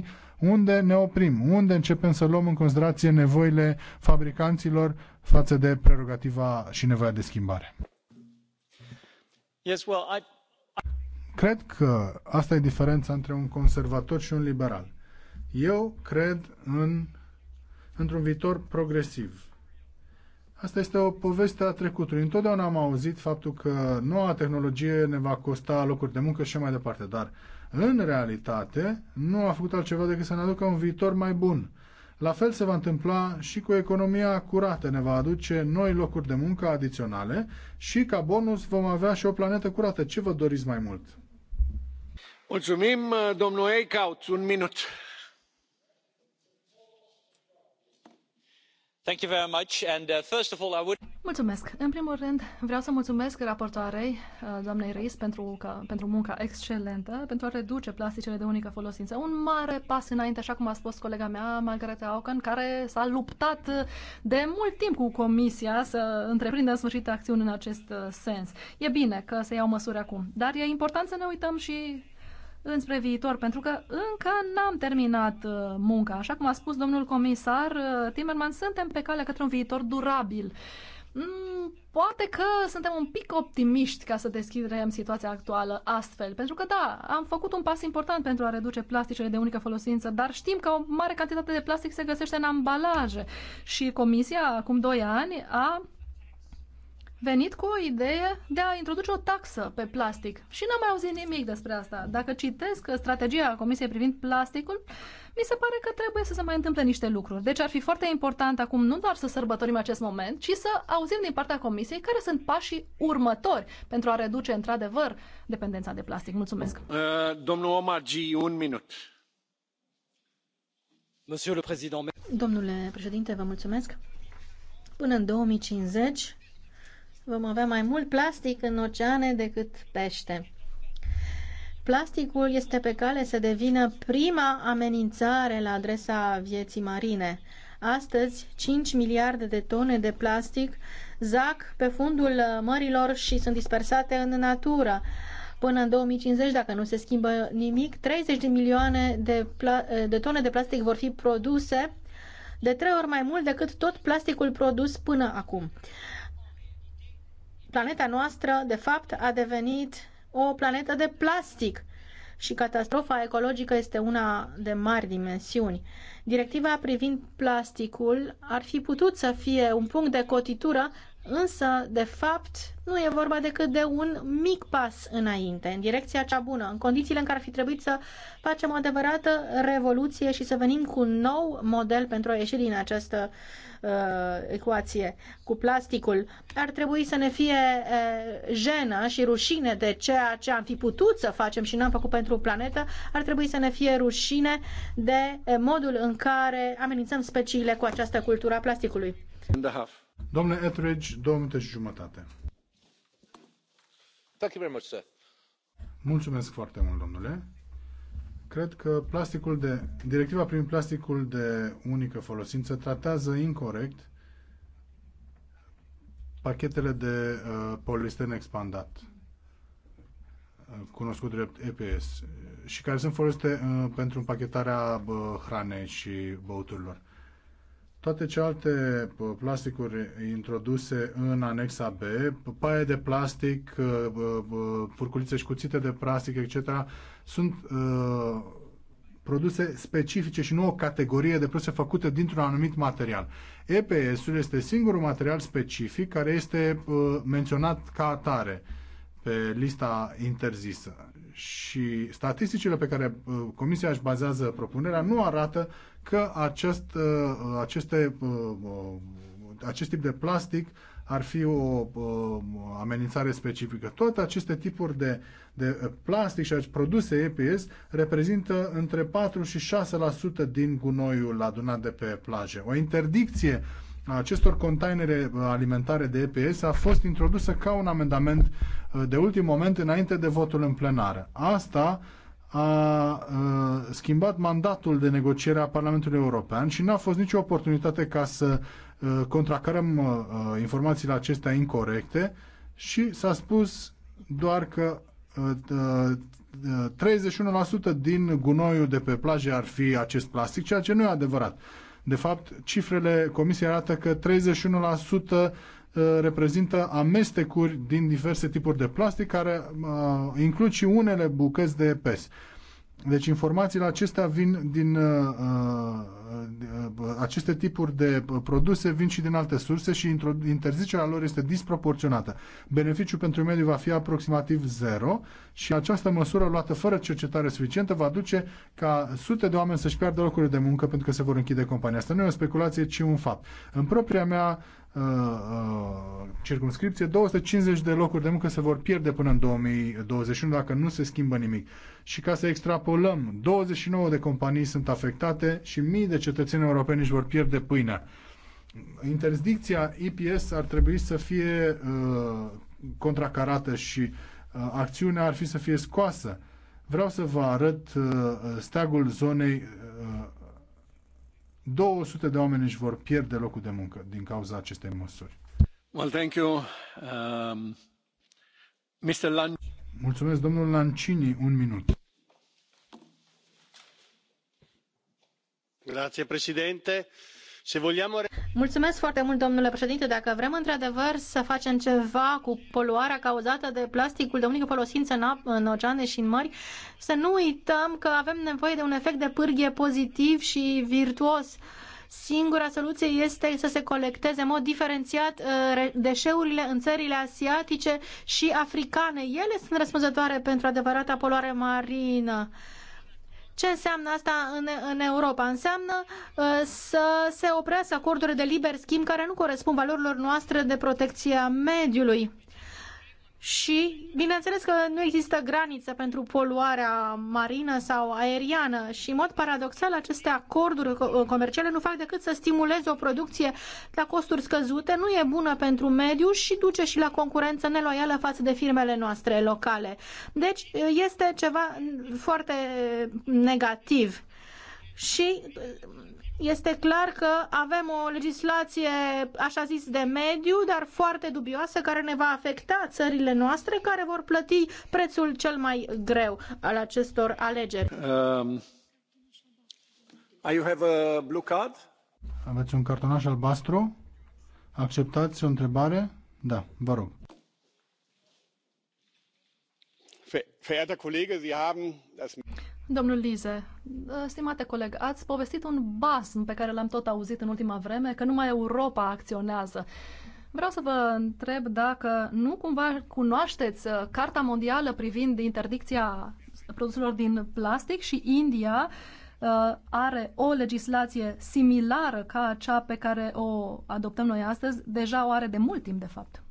10.000? Unde ne oprim? Unde începem să luăm în considerație nevoile fabricanților față de prerogativa și nevoia de schimbare? Yes, well, I... Cred că asta e diferența între un conservator și un liberal. Eu cred în, într-un viitor progresiv Asta este o poveste a trecutului. Întotdeauna am auzit faptul că noua tehnologie ne va costa locuri de muncă și mai departe, dar în realitate nu a făcut altceva decât să ne aducă un viitor mai bun. La fel se va întâmpla și cu economia curată. Ne va aduce noi locuri de muncă adiționale și ca bonus vom avea și o planetă curată. Ce vă doriți mai mult? Mulțumim, domnul Eicaut, un minut. Mulțumesc. În primul rând, vreau să mulțumesc raportoarei, uh, doamnei Ries pentru, munca excelentă, pentru a reduce plasticele de unică folosință. Un mare pas înainte, așa cum a spus colega mea, Margaret auken care s-a luptat de mult timp cu Comisia să întreprindă în sfârșit acțiuni în acest uh, sens. E bine că se iau măsuri acum, dar e important să ne uităm și înspre viitor, pentru că încă n-am terminat uh, munca. Așa cum a spus domnul comisar uh, Timerman, suntem pe cale către un viitor durabil. Mm, poate că suntem un pic optimiști ca să deschidem situația actuală astfel, pentru că da, am făcut un pas important pentru a reduce plasticele de unică folosință, dar știm că o mare cantitate de plastic se găsește în ambalaje și Comisia acum 2 ani a venit cu o idee de a introduce o taxă pe plastic. Și n-am mai auzit nimic despre asta. Dacă citesc strategia Comisiei privind plasticul, mi se pare că trebuie să se mai întâmple niște lucruri. Deci ar fi foarte important acum nu doar să sărbătorim acest moment, ci să auzim din partea Comisiei care sunt pașii următori pentru a reduce într-adevăr dependența de plastic. Mulțumesc. Uh, domnul Omagi, un minut. Domnule președinte, vă mulțumesc. Până în 2050, vom avea mai mult plastic în oceane decât pește. Plasticul este pe cale să devină prima amenințare la adresa vieții marine. Astăzi, 5 miliarde de tone de plastic zac pe fundul uh, mărilor și sunt dispersate în natură. Până în 2050, dacă nu se schimbă nimic, 30 de milioane de, uh, de tone de plastic vor fi produse de trei ori mai mult decât tot plasticul produs până acum planeta noastră, de fapt, a devenit o planetă de plastic și catastrofa ecologică este una de mari dimensiuni. Directiva privind plasticul ar fi putut să fie un punct de cotitură Însă, de fapt, nu e vorba decât de un mic pas înainte, în direcția cea bună, în condițiile în care ar fi trebuit să facem o adevărată revoluție și să venim cu un nou model pentru a ieși din această uh, ecuație cu plasticul. Ar trebui să ne fie uh, jenă și rușine de ceea ce am fi putut să facem și n-am făcut pentru planetă. Ar trebui să ne fie rușine de uh, modul în care amenințăm speciile cu această cultură a plasticului. Domnule Etheridge, două minute și jumătate. Thank you very much, sir. Mulțumesc foarte mult, domnule. Cred că plasticul de, directiva prin plasticul de unică folosință tratează incorrect pachetele de uh, polisten expandat, uh, cunoscut drept EPS, și care sunt folosite uh, pentru împachetarea uh, hranei și băuturilor. Toate celelalte plasticuri introduse în anexa B, paie de plastic, furculițe și cuțite de plastic, etc., sunt uh, produse specifice și nu o categorie de produse făcute dintr-un anumit material. EPS-ul este singurul material specific care este uh, menționat ca atare pe lista interzisă și statisticile pe care uh, Comisia își bazează propunerea nu arată că acest, uh, aceste, uh, acest tip de plastic ar fi o amenințare specifică. Toate aceste tipuri de, de plastic și produse EPS reprezintă între 4 și 6% din gunoiul adunat de pe plaje. O interdicție uh, a acestor containere uh, alimentare de EPS a fost introdusă ca un amendament uh, de ultim moment înainte de votul în plenară. Asta a uh, schimbat mandatul de negociere a Parlamentului European și n-a fost nicio oportunitate ca să contracarăm informațiile acestea incorrecte și s-a spus doar că 31% din gunoiul de pe plaje ar fi acest plastic, ceea ce nu e adevărat. De fapt, cifrele Comisiei arată că 31% uh, reprezintă amestecuri din diverse tipuri de plastic, care uh, includ și unele bucăți de PES. Deci informațiile acestea vin din uh, uh, uh, aceste tipuri de produse vin și din alte surse și interzicerea lor este disproporționată. Beneficiul pentru mediu va fi aproximativ zero și această măsură luată fără cercetare suficientă va duce ca sute de oameni să-și piardă locurile de muncă pentru că se vor închide compania. Asta nu e o speculație, ci un fapt. În propria mea uh, 250 uh, de locuri de muncă se vor pierde până în 2021 dacă nu se schimbă nimic. Și ca să extrapolăm, 29 de companii sunt afectate și mii de cetățeni europeni își vor pierde pâinea. Interdicția IPS ar trebui să fie uh, contracarată și uh, acțiunea ar fi să fie scoasă. Vreau să vă arăt uh, steagul zonei uh, 200 de oameni își vor pierde locul de muncă din cauza acestei măsuri. Well, thank you. Um, Mr. Lan... Mulțumesc, domnul Lancini, un minut. Grazie, președinte. Mulțumesc foarte mult, domnule președinte. Dacă vrem într-adevăr să facem ceva cu poluarea cauzată de plasticul de unică folosință în, ap- în oceane și în mări, să nu uităm că avem nevoie de un efect de pârghie pozitiv și virtuos. Singura soluție este să se colecteze în mod diferențiat uh, deșeurile în țările asiatice și africane. Ele sunt răspunzătoare pentru adevărata poluare marină. Ce înseamnă asta în, în Europa? Înseamnă uh, să se oprească acordurile de liber schimb care nu corespund valorilor noastre de protecție a mediului și bineînțeles că nu există graniță pentru poluarea marină sau aeriană și în mod paradoxal aceste acorduri comerciale nu fac decât să stimuleze o producție la costuri scăzute, nu e bună pentru mediu și duce și la concurență neloială față de firmele noastre locale. Deci este ceva foarte negativ. Și este clar că avem o legislație, așa zis, de mediu, dar foarte dubioasă, care ne va afecta țările noastre, care vor plăti prețul cel mai greu al acestor alegeri. Um, you have a blue card? Aveți un cartonaș albastru? Acceptați o întrebare? Da, vă rog. Verehrter Kollege, Sie haben das Domnul Lize, ă, stimate coleg, ați povestit un basm pe care l-am tot auzit în ultima vreme, că numai Europa acționează. Vreau să vă întreb dacă nu cumva cunoașteți ă, Carta Mondială privind interdicția produselor din plastic și India ă, are o legislație similară ca cea pe care o adoptăm noi astăzi, deja o are de mult timp, de fapt.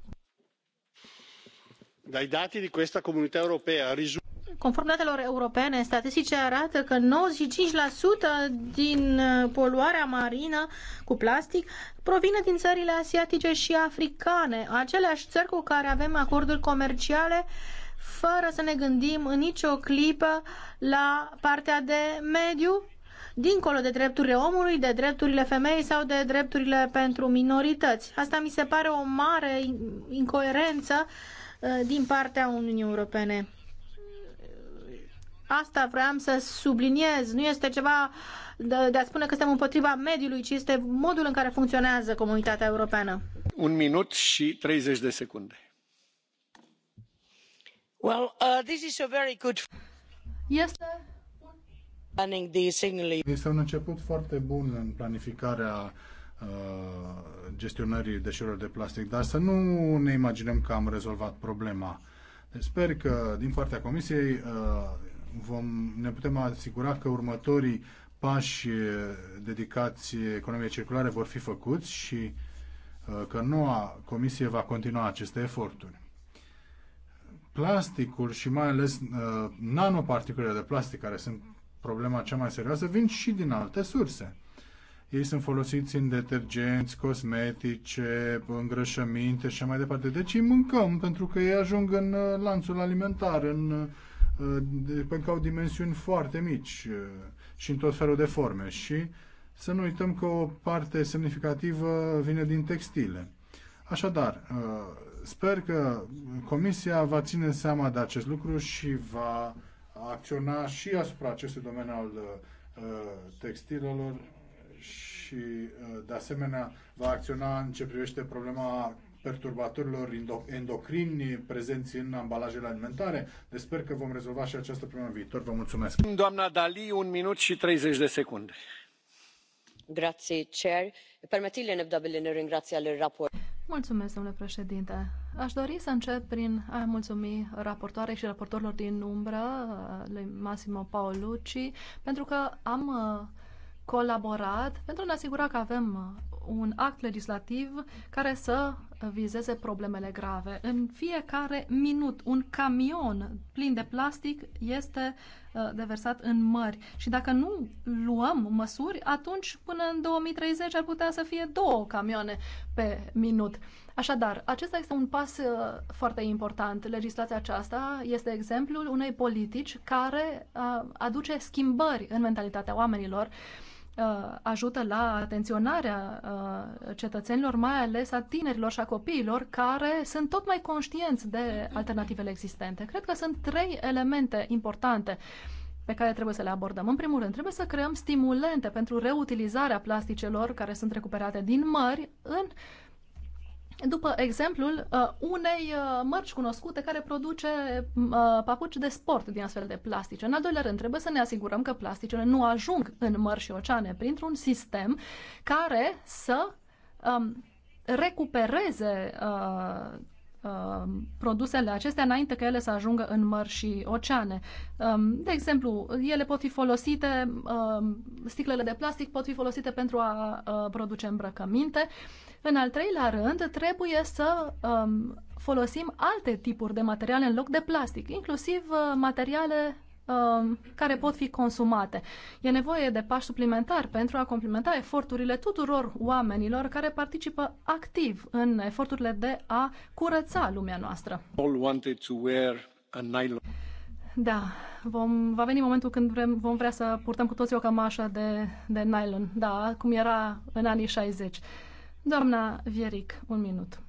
Dai dati di questa comunità europea risulta Conform datelor europene, statistice arată că 95% din uh, poluarea marină cu plastic provine din țările asiatice și africane, aceleași țări cu care avem acorduri comerciale fără să ne gândim în nicio clipă la partea de mediu, dincolo de drepturile omului, de drepturile femeii sau de drepturile pentru minorități. Asta mi se pare o mare incoerență uh, din partea Uniunii Europene. Asta vreau să subliniez. Nu este ceva de, de a spune că suntem împotriva mediului, ci este modul în care funcționează comunitatea europeană. Un minut și 30 de secunde. Well, uh, this is a very good... Este este un început foarte bun în planificarea uh, gestionării deșeurilor de plastic, dar să nu ne imaginăm că am rezolvat problema. Deci sper că din partea Comisiei uh, vom, ne putem asigura că următorii pași eh, dedicați economiei circulare vor fi făcuți și eh, că noua comisie va continua aceste eforturi. Plasticul și mai ales eh, nanoparticulele de plastic, care sunt problema cea mai serioasă, vin și din alte surse. Ei sunt folosiți în detergenți, cosmetice, îngrășăminte și mai departe. Deci îi mâncăm pentru că ei ajung în lanțul alimentar, în pentru că au dimensiuni foarte mici uh, și în tot felul de forme și să nu uităm că o parte semnificativă vine din textile. Așadar, uh, sper că Comisia va ține seama de acest lucru și va acționa și asupra acestui domeniu al uh, textilelor și, de asemenea, va acționa în ce privește problema perturbatorilor endocrini prezenți în ambalajele alimentare. Deci sper că vom rezolva și această problemă în viitor. Vă mulțumesc. Doamna Dali, un minut și 30 de secunde. Grazie, Chair. Permettile nebda bine ringrația le raport. Mulțumesc, domnule președinte. Aș dori să încep prin a mulțumi raportoarei și raportorilor din umbră, uh, lui Massimo Paolucci, pentru că am uh, colaborat pentru a ne asigura că avem uh, un act legislativ care să vizeze problemele grave. În fiecare minut, un camion plin de plastic este uh, deversat în mări. Și dacă nu luăm măsuri, atunci până în 2030 ar putea să fie două camioane pe minut. Așadar, acesta este un pas uh, foarte important. Legislația aceasta este exemplul unei politici care uh, aduce schimbări în mentalitatea oamenilor Uh, ajută la atenționarea uh, cetățenilor, mai ales a tinerilor și a copiilor care sunt tot mai conștienți de alternativele existente. Cred că sunt trei elemente importante pe care trebuie să le abordăm. În primul rând, trebuie să creăm stimulente pentru reutilizarea plasticelor care sunt recuperate din mări în după exemplul uh, unei uh, mărci cunoscute care produce uh, papuci de sport din astfel de plastice. În al doilea rând, trebuie să ne asigurăm că plasticele nu ajung în mări și oceane printr-un sistem care să um, recupereze uh, uh produsele acestea înainte că ele să ajungă în mări și oceane. Um, de exemplu, ele pot fi folosite, um, sticlele de plastic pot fi folosite pentru a uh, produce îmbrăcăminte în al treilea rând, trebuie să um, folosim alte tipuri de materiale în loc de plastic, inclusiv uh, materiale um, care pot fi consumate. E nevoie de pași suplimentari pentru a complementa eforturile tuturor oamenilor care participă activ în eforturile de a curăța lumea noastră. Da, vom, va veni momentul când vrem, vom vrea să purtăm cu toții o cămașă de, de nylon, da, cum era în anii 60. Doamna Vieric, un minut.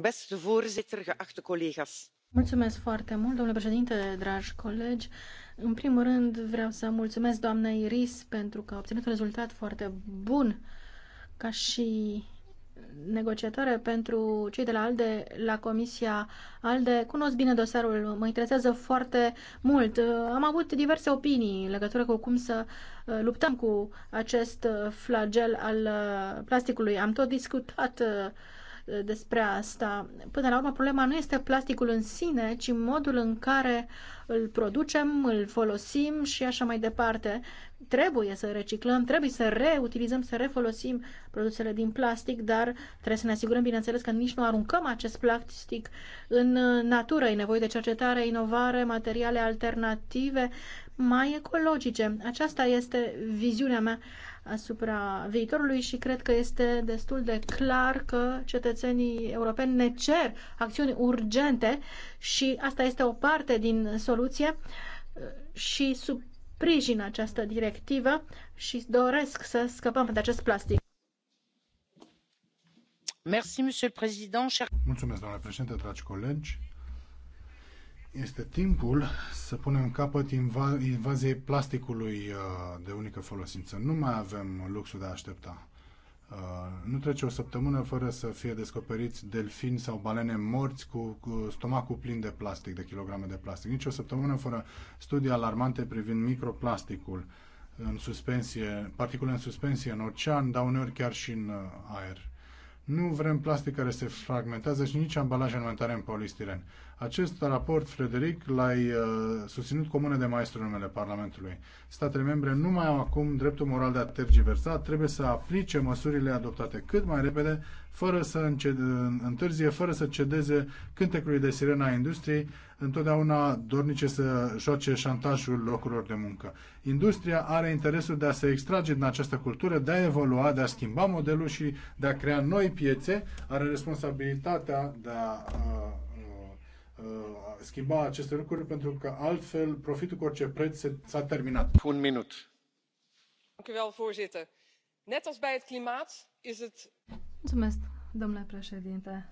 Beste voorzitter, geachte collega's. Mulțumesc foarte mult, domnule președinte, dragi colegi. În primul rând vreau să mulțumesc doamnei Iris pentru că a obținut un rezultat foarte bun ca și negociatoare pentru cei de la ALDE, la Comisia ALDE. Cunosc bine dosarul, mă interesează foarte mult. Am avut diverse opinii în legătură cu cum să uh, luptăm cu acest uh, flagel al uh, plasticului. Am tot discutat uh, despre asta. Până la urmă, problema nu este plasticul în sine, ci modul în care îl producem, îl folosim și așa mai departe. Trebuie să reciclăm, trebuie să reutilizăm, să refolosim produsele din plastic, dar trebuie să ne asigurăm, bineînțeles, că nici nu aruncăm acest plastic în natură. E nevoie de cercetare, inovare, materiale alternative mai ecologice. Aceasta este viziunea mea asupra viitorului și cred că este destul de clar că cetățenii europeni ne cer acțiuni urgente și asta este o parte din soluție și sprijin această directivă și doresc să scăpăm de acest plastic. Mulțumesc, domnule președinte, dragi colegi. Este timpul să punem capăt invaziei plasticului uh, de unică folosință. Nu mai avem luxul de a aștepta. Uh, nu trece o săptămână fără să fie descoperiți delfini sau balene morți cu, cu stomacul plin de plastic, de kilograme de plastic. Nici o săptămână fără studii alarmante privind microplasticul în suspensie, particule în suspensie în ocean, dar uneori chiar și în uh, aer. Nu vrem plastic care se fragmentează și nici ambalaje alimentare în polistiren. Acest raport, Frederic, l-ai uh, susținut comune de maestru numele Parlamentului. Statele membre nu mai au acum dreptul moral de a tergiversa, trebuie să aplice măsurile adoptate cât mai repede, fără să înced- întârzie, fără să cedeze cântecului de sirena a industriei, întotdeauna dornice să joace șantajul locurilor de muncă. Industria are interesul de a se extrage din această cultură, de a evolua, de a schimba modelul și de a crea noi piețe, are responsabilitatea de a uh, Uh, schimba aceste lucruri pentru că altfel profitul cu orice preț s a terminat. Un minut. Mulțumesc, domnule președinte.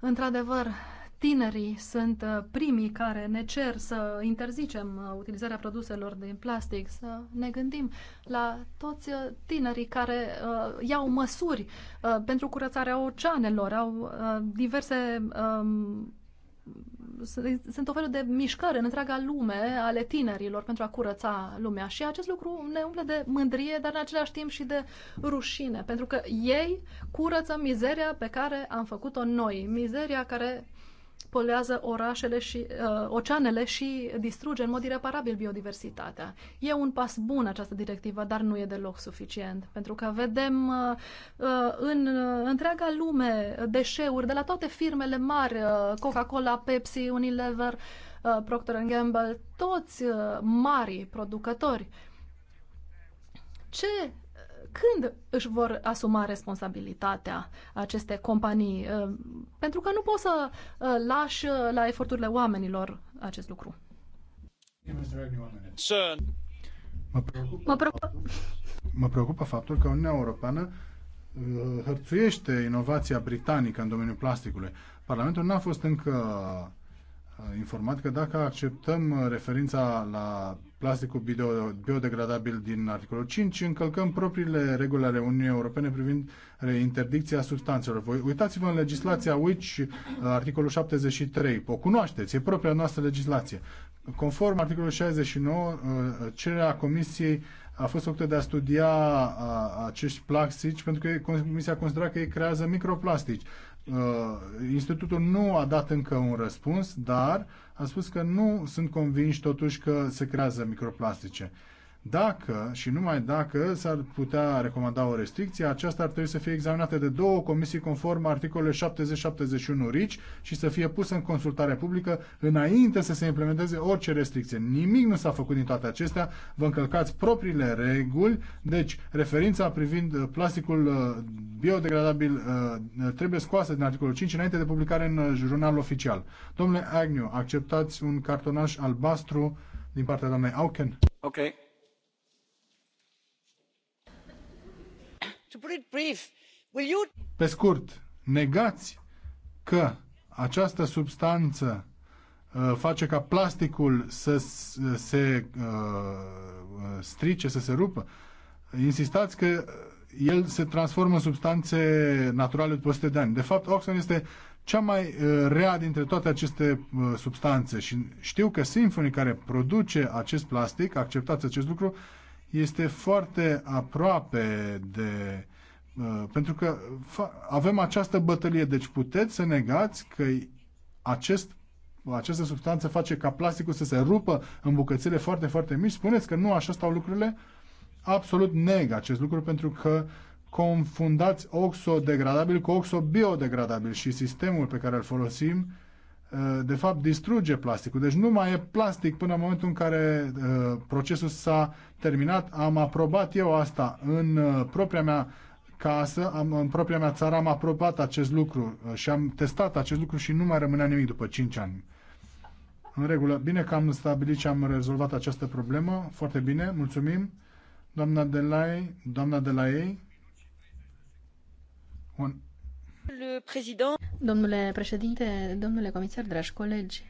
Într-adevăr, tinerii sunt uh, primii care ne cer să interzicem uh, utilizarea produselor din plastic, să ne gândim la toți tinerii care uh, iau măsuri uh, pentru curățarea oceanelor, au uh, diverse um, sunt o felul de mișcări în întreaga lume ale tinerilor pentru a curăța lumea și acest lucru ne umple de mândrie, dar în același timp și de rușine, pentru că ei curăță mizeria pe care am făcut-o noi, mizeria care spolează orașele și uh, oceanele și distruge în mod ireparabil biodiversitatea. E un pas bun această directivă, dar nu e deloc suficient, pentru că vedem uh, uh în uh, întreaga lume deșeuri de la toate firmele mari, uh, Coca-Cola, Pepsi, Unilever, uh, Procter Gamble, toți uh, mari producători. Ce când își vor asuma responsabilitatea aceste companii? Uh, pentru că nu poți să uh, lași uh, la eforturile oamenilor acest lucru. Mă preocupă, mă, preocupă. mă preocupă faptul că Uniunea Europeană hărțuiește inovația britanică în domeniul plasticului. Parlamentul n-a fost încă informat că dacă acceptăm referința la plasticul biodegradabil din articolul 5 încălcăm propriile reguli ale Uniunii Europene privind interdicția substanțelor. Voi uitați-vă în legislația UICI, uh, articolul 73. O cunoașteți, e propria noastră legislație. Conform articolul 69, uh, cererea Comisiei a fost făcută de a studia uh, acești plastici pentru că Comisia considera că ei creează microplastici. Institutul nu a dat încă un răspuns, dar uh, a spus că nu sunt convinși totuși că se creează microplastice. Dacă și numai dacă s-ar putea recomanda o restricție, aceasta ar trebui să fie examinată de două comisii conform articolului 70-71 RICI și să fie pusă în consultare publică înainte să se implementeze orice restricție. Nimic nu s-a făcut din toate acestea, vă încălcați propriile reguli, deci referința privind uh, plasticul uh, biodegradabil uh, trebuie scoasă din articolul 5 înainte de publicare în jurnal oficial. Domnule Agnew, acceptați un cartonaș albastru din partea doamnei Auken? Okay. Pe scurt, negați că această substanță uh, face ca plasticul să uh, se uh, strice, să se rupă. Insistați că el se transformă în substanțe naturale după 100 de ani. De fapt, Oxon este cea mai rea dintre toate aceste substanțe și știu că Symphony care produce acest plastic, acceptați acest lucru, este foarte aproape de uh, pentru că avem această bătălie, deci puteți să negați că acest, această substanță face ca plasticul să se rupă în bucățele foarte, foarte mici. Spuneți că nu, așa stau lucrurile. Absolut neg acest lucru pentru că confundați oxodegradabil cu oxobiodegradabil și sistemul pe care îl folosim Eh, de fapt distruge plasticul. Deci nu mai e plastic până în momentul în care uh, procesul s-a terminat. Am aprobat eu asta în uh, propria mea casă, am, în propria mea țară am aprobat acest lucru uh, și am testat acest lucru și nu mai rămânea nimic după 5 ani. În regulă, bine că am stabilit și am rezolvat această problemă, foarte bine, mulțumim. Doamna de la ei, doamna de la ei. Domnule președinte, domnule comisar, dragi colegi,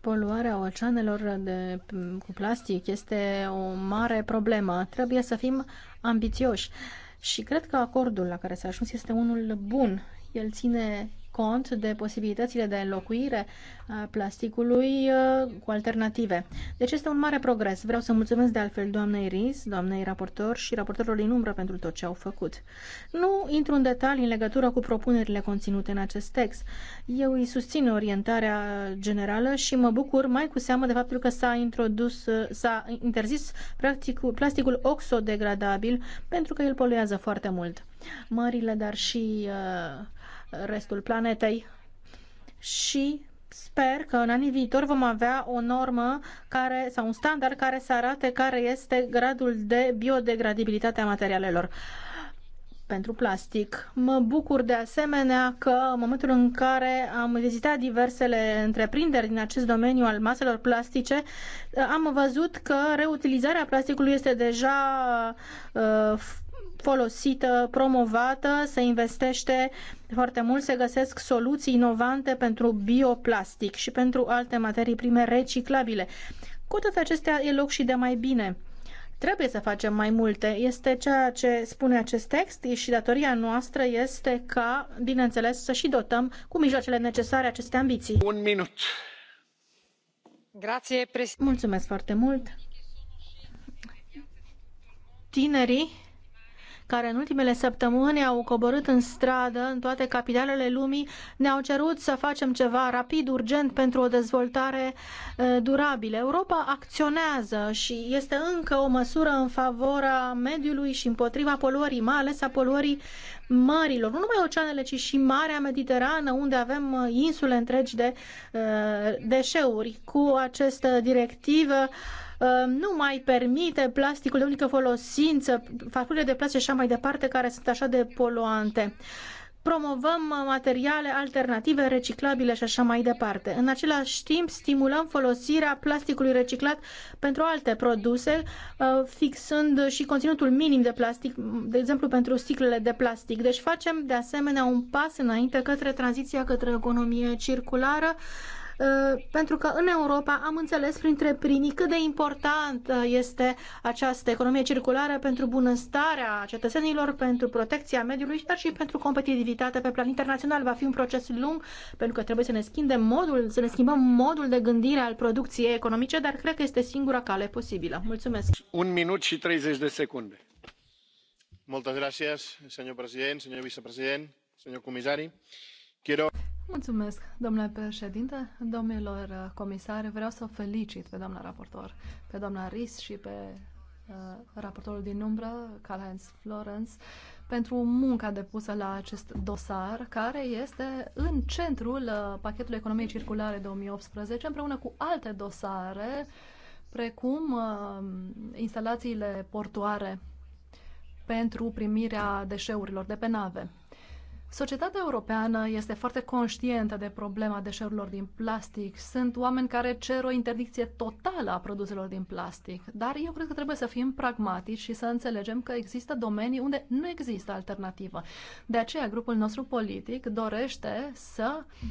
poluarea oceanelor de, cu plastic este o mare problemă. Trebuie să fim ambițioși. Și cred că acordul la care s-a ajuns este unul bun. El ține cont de posibilitățile de înlocuire a plasticului uh, cu alternative. Deci este un mare progres. Vreau să mulțumesc de altfel doamnei Ris, doamnei raportor și raportorilor din umbră pentru tot ce au făcut. Nu intru în detalii în legătură cu propunerile conținute în acest text. Eu îi susțin orientarea generală și mă bucur mai cu seamă de faptul că s-a introdus, uh, s-a interzis practic plasticul oxodegradabil pentru că el poluează foarte mult. Mările, dar și uh, restul planetei și sper că în anii viitori vom avea o normă care, sau un standard care să arate care este gradul de biodegradabilitate a materialelor pentru plastic. Mă bucur de asemenea că în momentul în care am vizitat diversele întreprinderi din acest domeniu al maselor plastice, am văzut că reutilizarea plasticului este deja uh, folosită, promovată, se investește foarte mult, se găsesc soluții inovante pentru bioplastic și pentru alte materii prime reciclabile. Cu toate acestea e loc și de mai bine. Trebuie să facem mai multe. Este ceea ce spune acest text și datoria noastră este ca, bineînțeles, să și dotăm cu mijloacele necesare aceste ambiții. Un minut. Grație, Mulțumesc foarte mult. Tinerii care în ultimele săptămâni au coborât în stradă în toate capitalele lumii ne-au cerut să facem ceva rapid, urgent pentru o dezvoltare uh, durabilă. Europa acționează și este încă o măsură în favoarea mediului și împotriva poluării, mai ales a poluării mărilor, nu numai oceanele, ci și Marea Mediterană, unde avem uh, insule întregi de uh, deșeuri. Cu această directivă Ă, nu mai permite plasticul de unică folosință, farfurile de plastic și așa mai departe, care sunt așa de poluante promovăm materiale alternative, reciclabile și așa mai departe. În același timp, stimulăm folosirea plasticului reciclat pentru alte produse, ă, fixând și conținutul minim de plastic, de exemplu pentru sticlele de plastic. Deci facem de asemenea un pas înainte către tranziția către economie circulară, Uh, pentru că în Europa am înțeles prin prinii cât de important uh, este această economie circulară pentru bunăstarea cetățenilor, pentru protecția mediului, dar și pentru competitivitate pe plan internațional. Va fi un proces lung pentru că trebuie să ne schimbăm modul, să ne schimbăm modul de gândire al producției economice, dar cred că este singura cale posibilă. Mulțumesc. Un minut și 30 de secunde. Muchas gracias, señor presidente, señor vicepresidente, señor comisario. Quiero Mulțumesc, domnule președinte, domnilor uh, comisare. Vreau să o felicit pe doamna raportor, pe doamna Ris și pe uh, raportorul din umbră, Calhans Florence, pentru munca depusă la acest dosar, care este în centrul uh, pachetului economiei circulare 2018, împreună cu alte dosare, precum uh, instalațiile portoare pentru primirea deșeurilor de pe nave. Societatea europeană este foarte conștientă de problema deșeurilor din plastic. Sunt oameni care cer o interdicție totală a produselor din plastic, dar eu cred că trebuie să fim pragmatici și să înțelegem că există domenii unde nu există alternativă. De aceea, grupul nostru politic dorește să uh,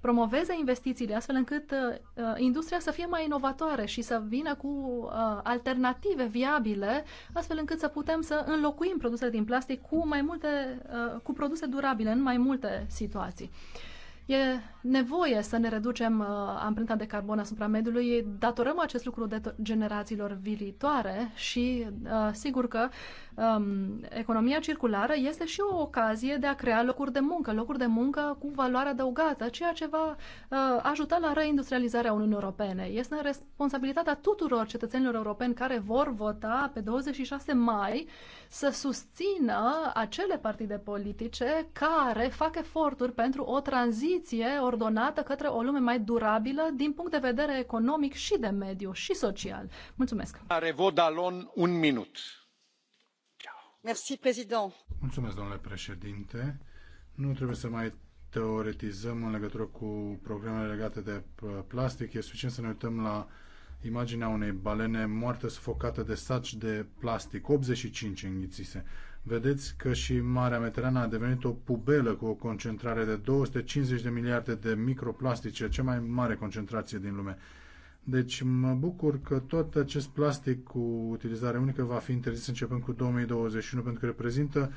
promoveze investițiile astfel încât uh, industria să fie mai inovatoare și să vină cu uh, alternative viabile, astfel încât să putem să înlocuim produsele din plastic cu mai multe, uh, cu produse durabile în mai multe situații. Uh, E nevoie să ne reducem uh, amprenta de carbon asupra mediului. Datorăm acest lucru de generațiilor viitoare și uh, sigur că um, economia circulară este și o ocazie de a crea locuri de muncă, locuri de muncă cu valoare adăugată, ceea ce va uh, ajuta la reindustrializarea Uniunii Europene. Este responsabilitatea tuturor cetățenilor europeni care vor vota pe 26 mai să susțină acele partide politice care fac eforturi pentru o tranziție tranziție ordonată către o lume mai durabilă din punct de vedere economic și de mediu și social. Mulțumesc! Are Vodalon un minut. Merci, president. Mulțumesc, domnule președinte. Nu trebuie să mai teoretizăm în legătură cu problemele legate de plastic. E suficient să ne uităm la imaginea unei balene moarte sufocată de saci de plastic, 85 înghițise vedeți că și Marea Mediterană a devenit o pubelă cu o concentrare de 250 de miliarde de microplastice, cea mai mare concentrație din lume. Deci mă bucur că tot acest plastic cu utilizare unică va fi interzis începând cu 2021 pentru că reprezintă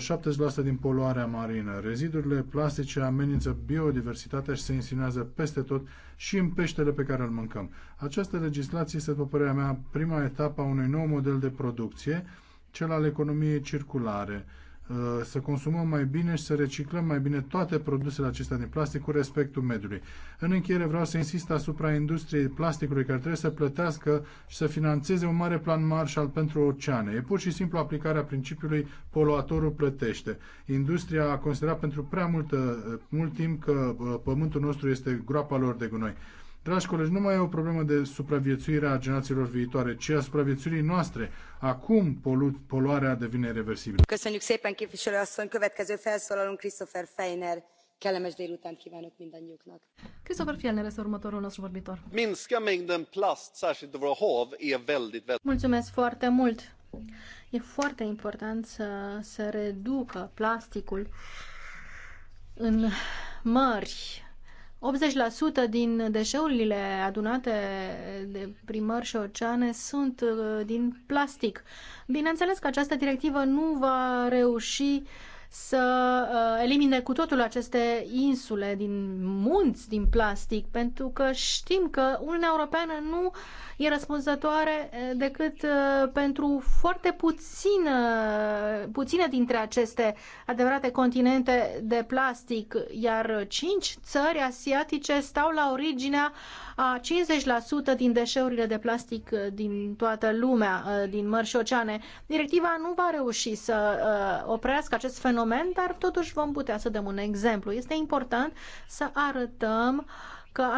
70% uh, din poluarea marină. Rezidurile plastice amenință biodiversitatea și se insinuează peste tot și în peștele pe care îl mâncăm. Această legislație este, după părerea mea, prima etapă a unui nou model de producție cel al economiei circulare, uh, să consumăm mai bine și să reciclăm mai bine toate produsele acestea din plastic cu respectul mediului. În încheiere vreau să insist asupra industriei plasticului care trebuie să plătească și să financeze un mare plan Marshall pentru oceane. E pur și simplu aplicarea principiului poluatorul plătește. Industria a considerat pentru prea multă, uh, mult timp că uh, pământul nostru este groapa lor de gunoi. Dragi colegi, nu mai e o problemă de supraviețuire a generațiilor viitoare, ci a supraviețuirii noastre. Acum polu- poluarea devine reversibilă. Köszönjük szépen, képviselő asszony. Következő felszólalunk Christopher Feiner. Kellemes délután kívánok mindannyiuknak. Christopher Fjellner este următorul nostru vorbitor. Minska mengden plast, särskilt i våra hav, är väldigt, väldigt... Mulțumesc foarte mult! E foarte important să se reducă plasticul în mări, 80% din deșeurile adunate de primări și oceane sunt uh, din plastic. Bineînțeles că această directivă nu va reuși să uh, elimine cu totul aceste insule din munți din plastic, pentru că știm că Uniunea Europeană nu e răspunzătoare uh, decât uh, pentru foarte puțină puține dintre aceste adevărate continente de plastic, iar cinci țări asiatice stau la originea uh, a 50% din deșeurile de plastic uh, din toată lumea, uh, din mări și oceane. Directiva nu va reuși să uh, oprească acest fenomen, dar totuși vom putea să dăm un exemplu. Este important să arătăm uh,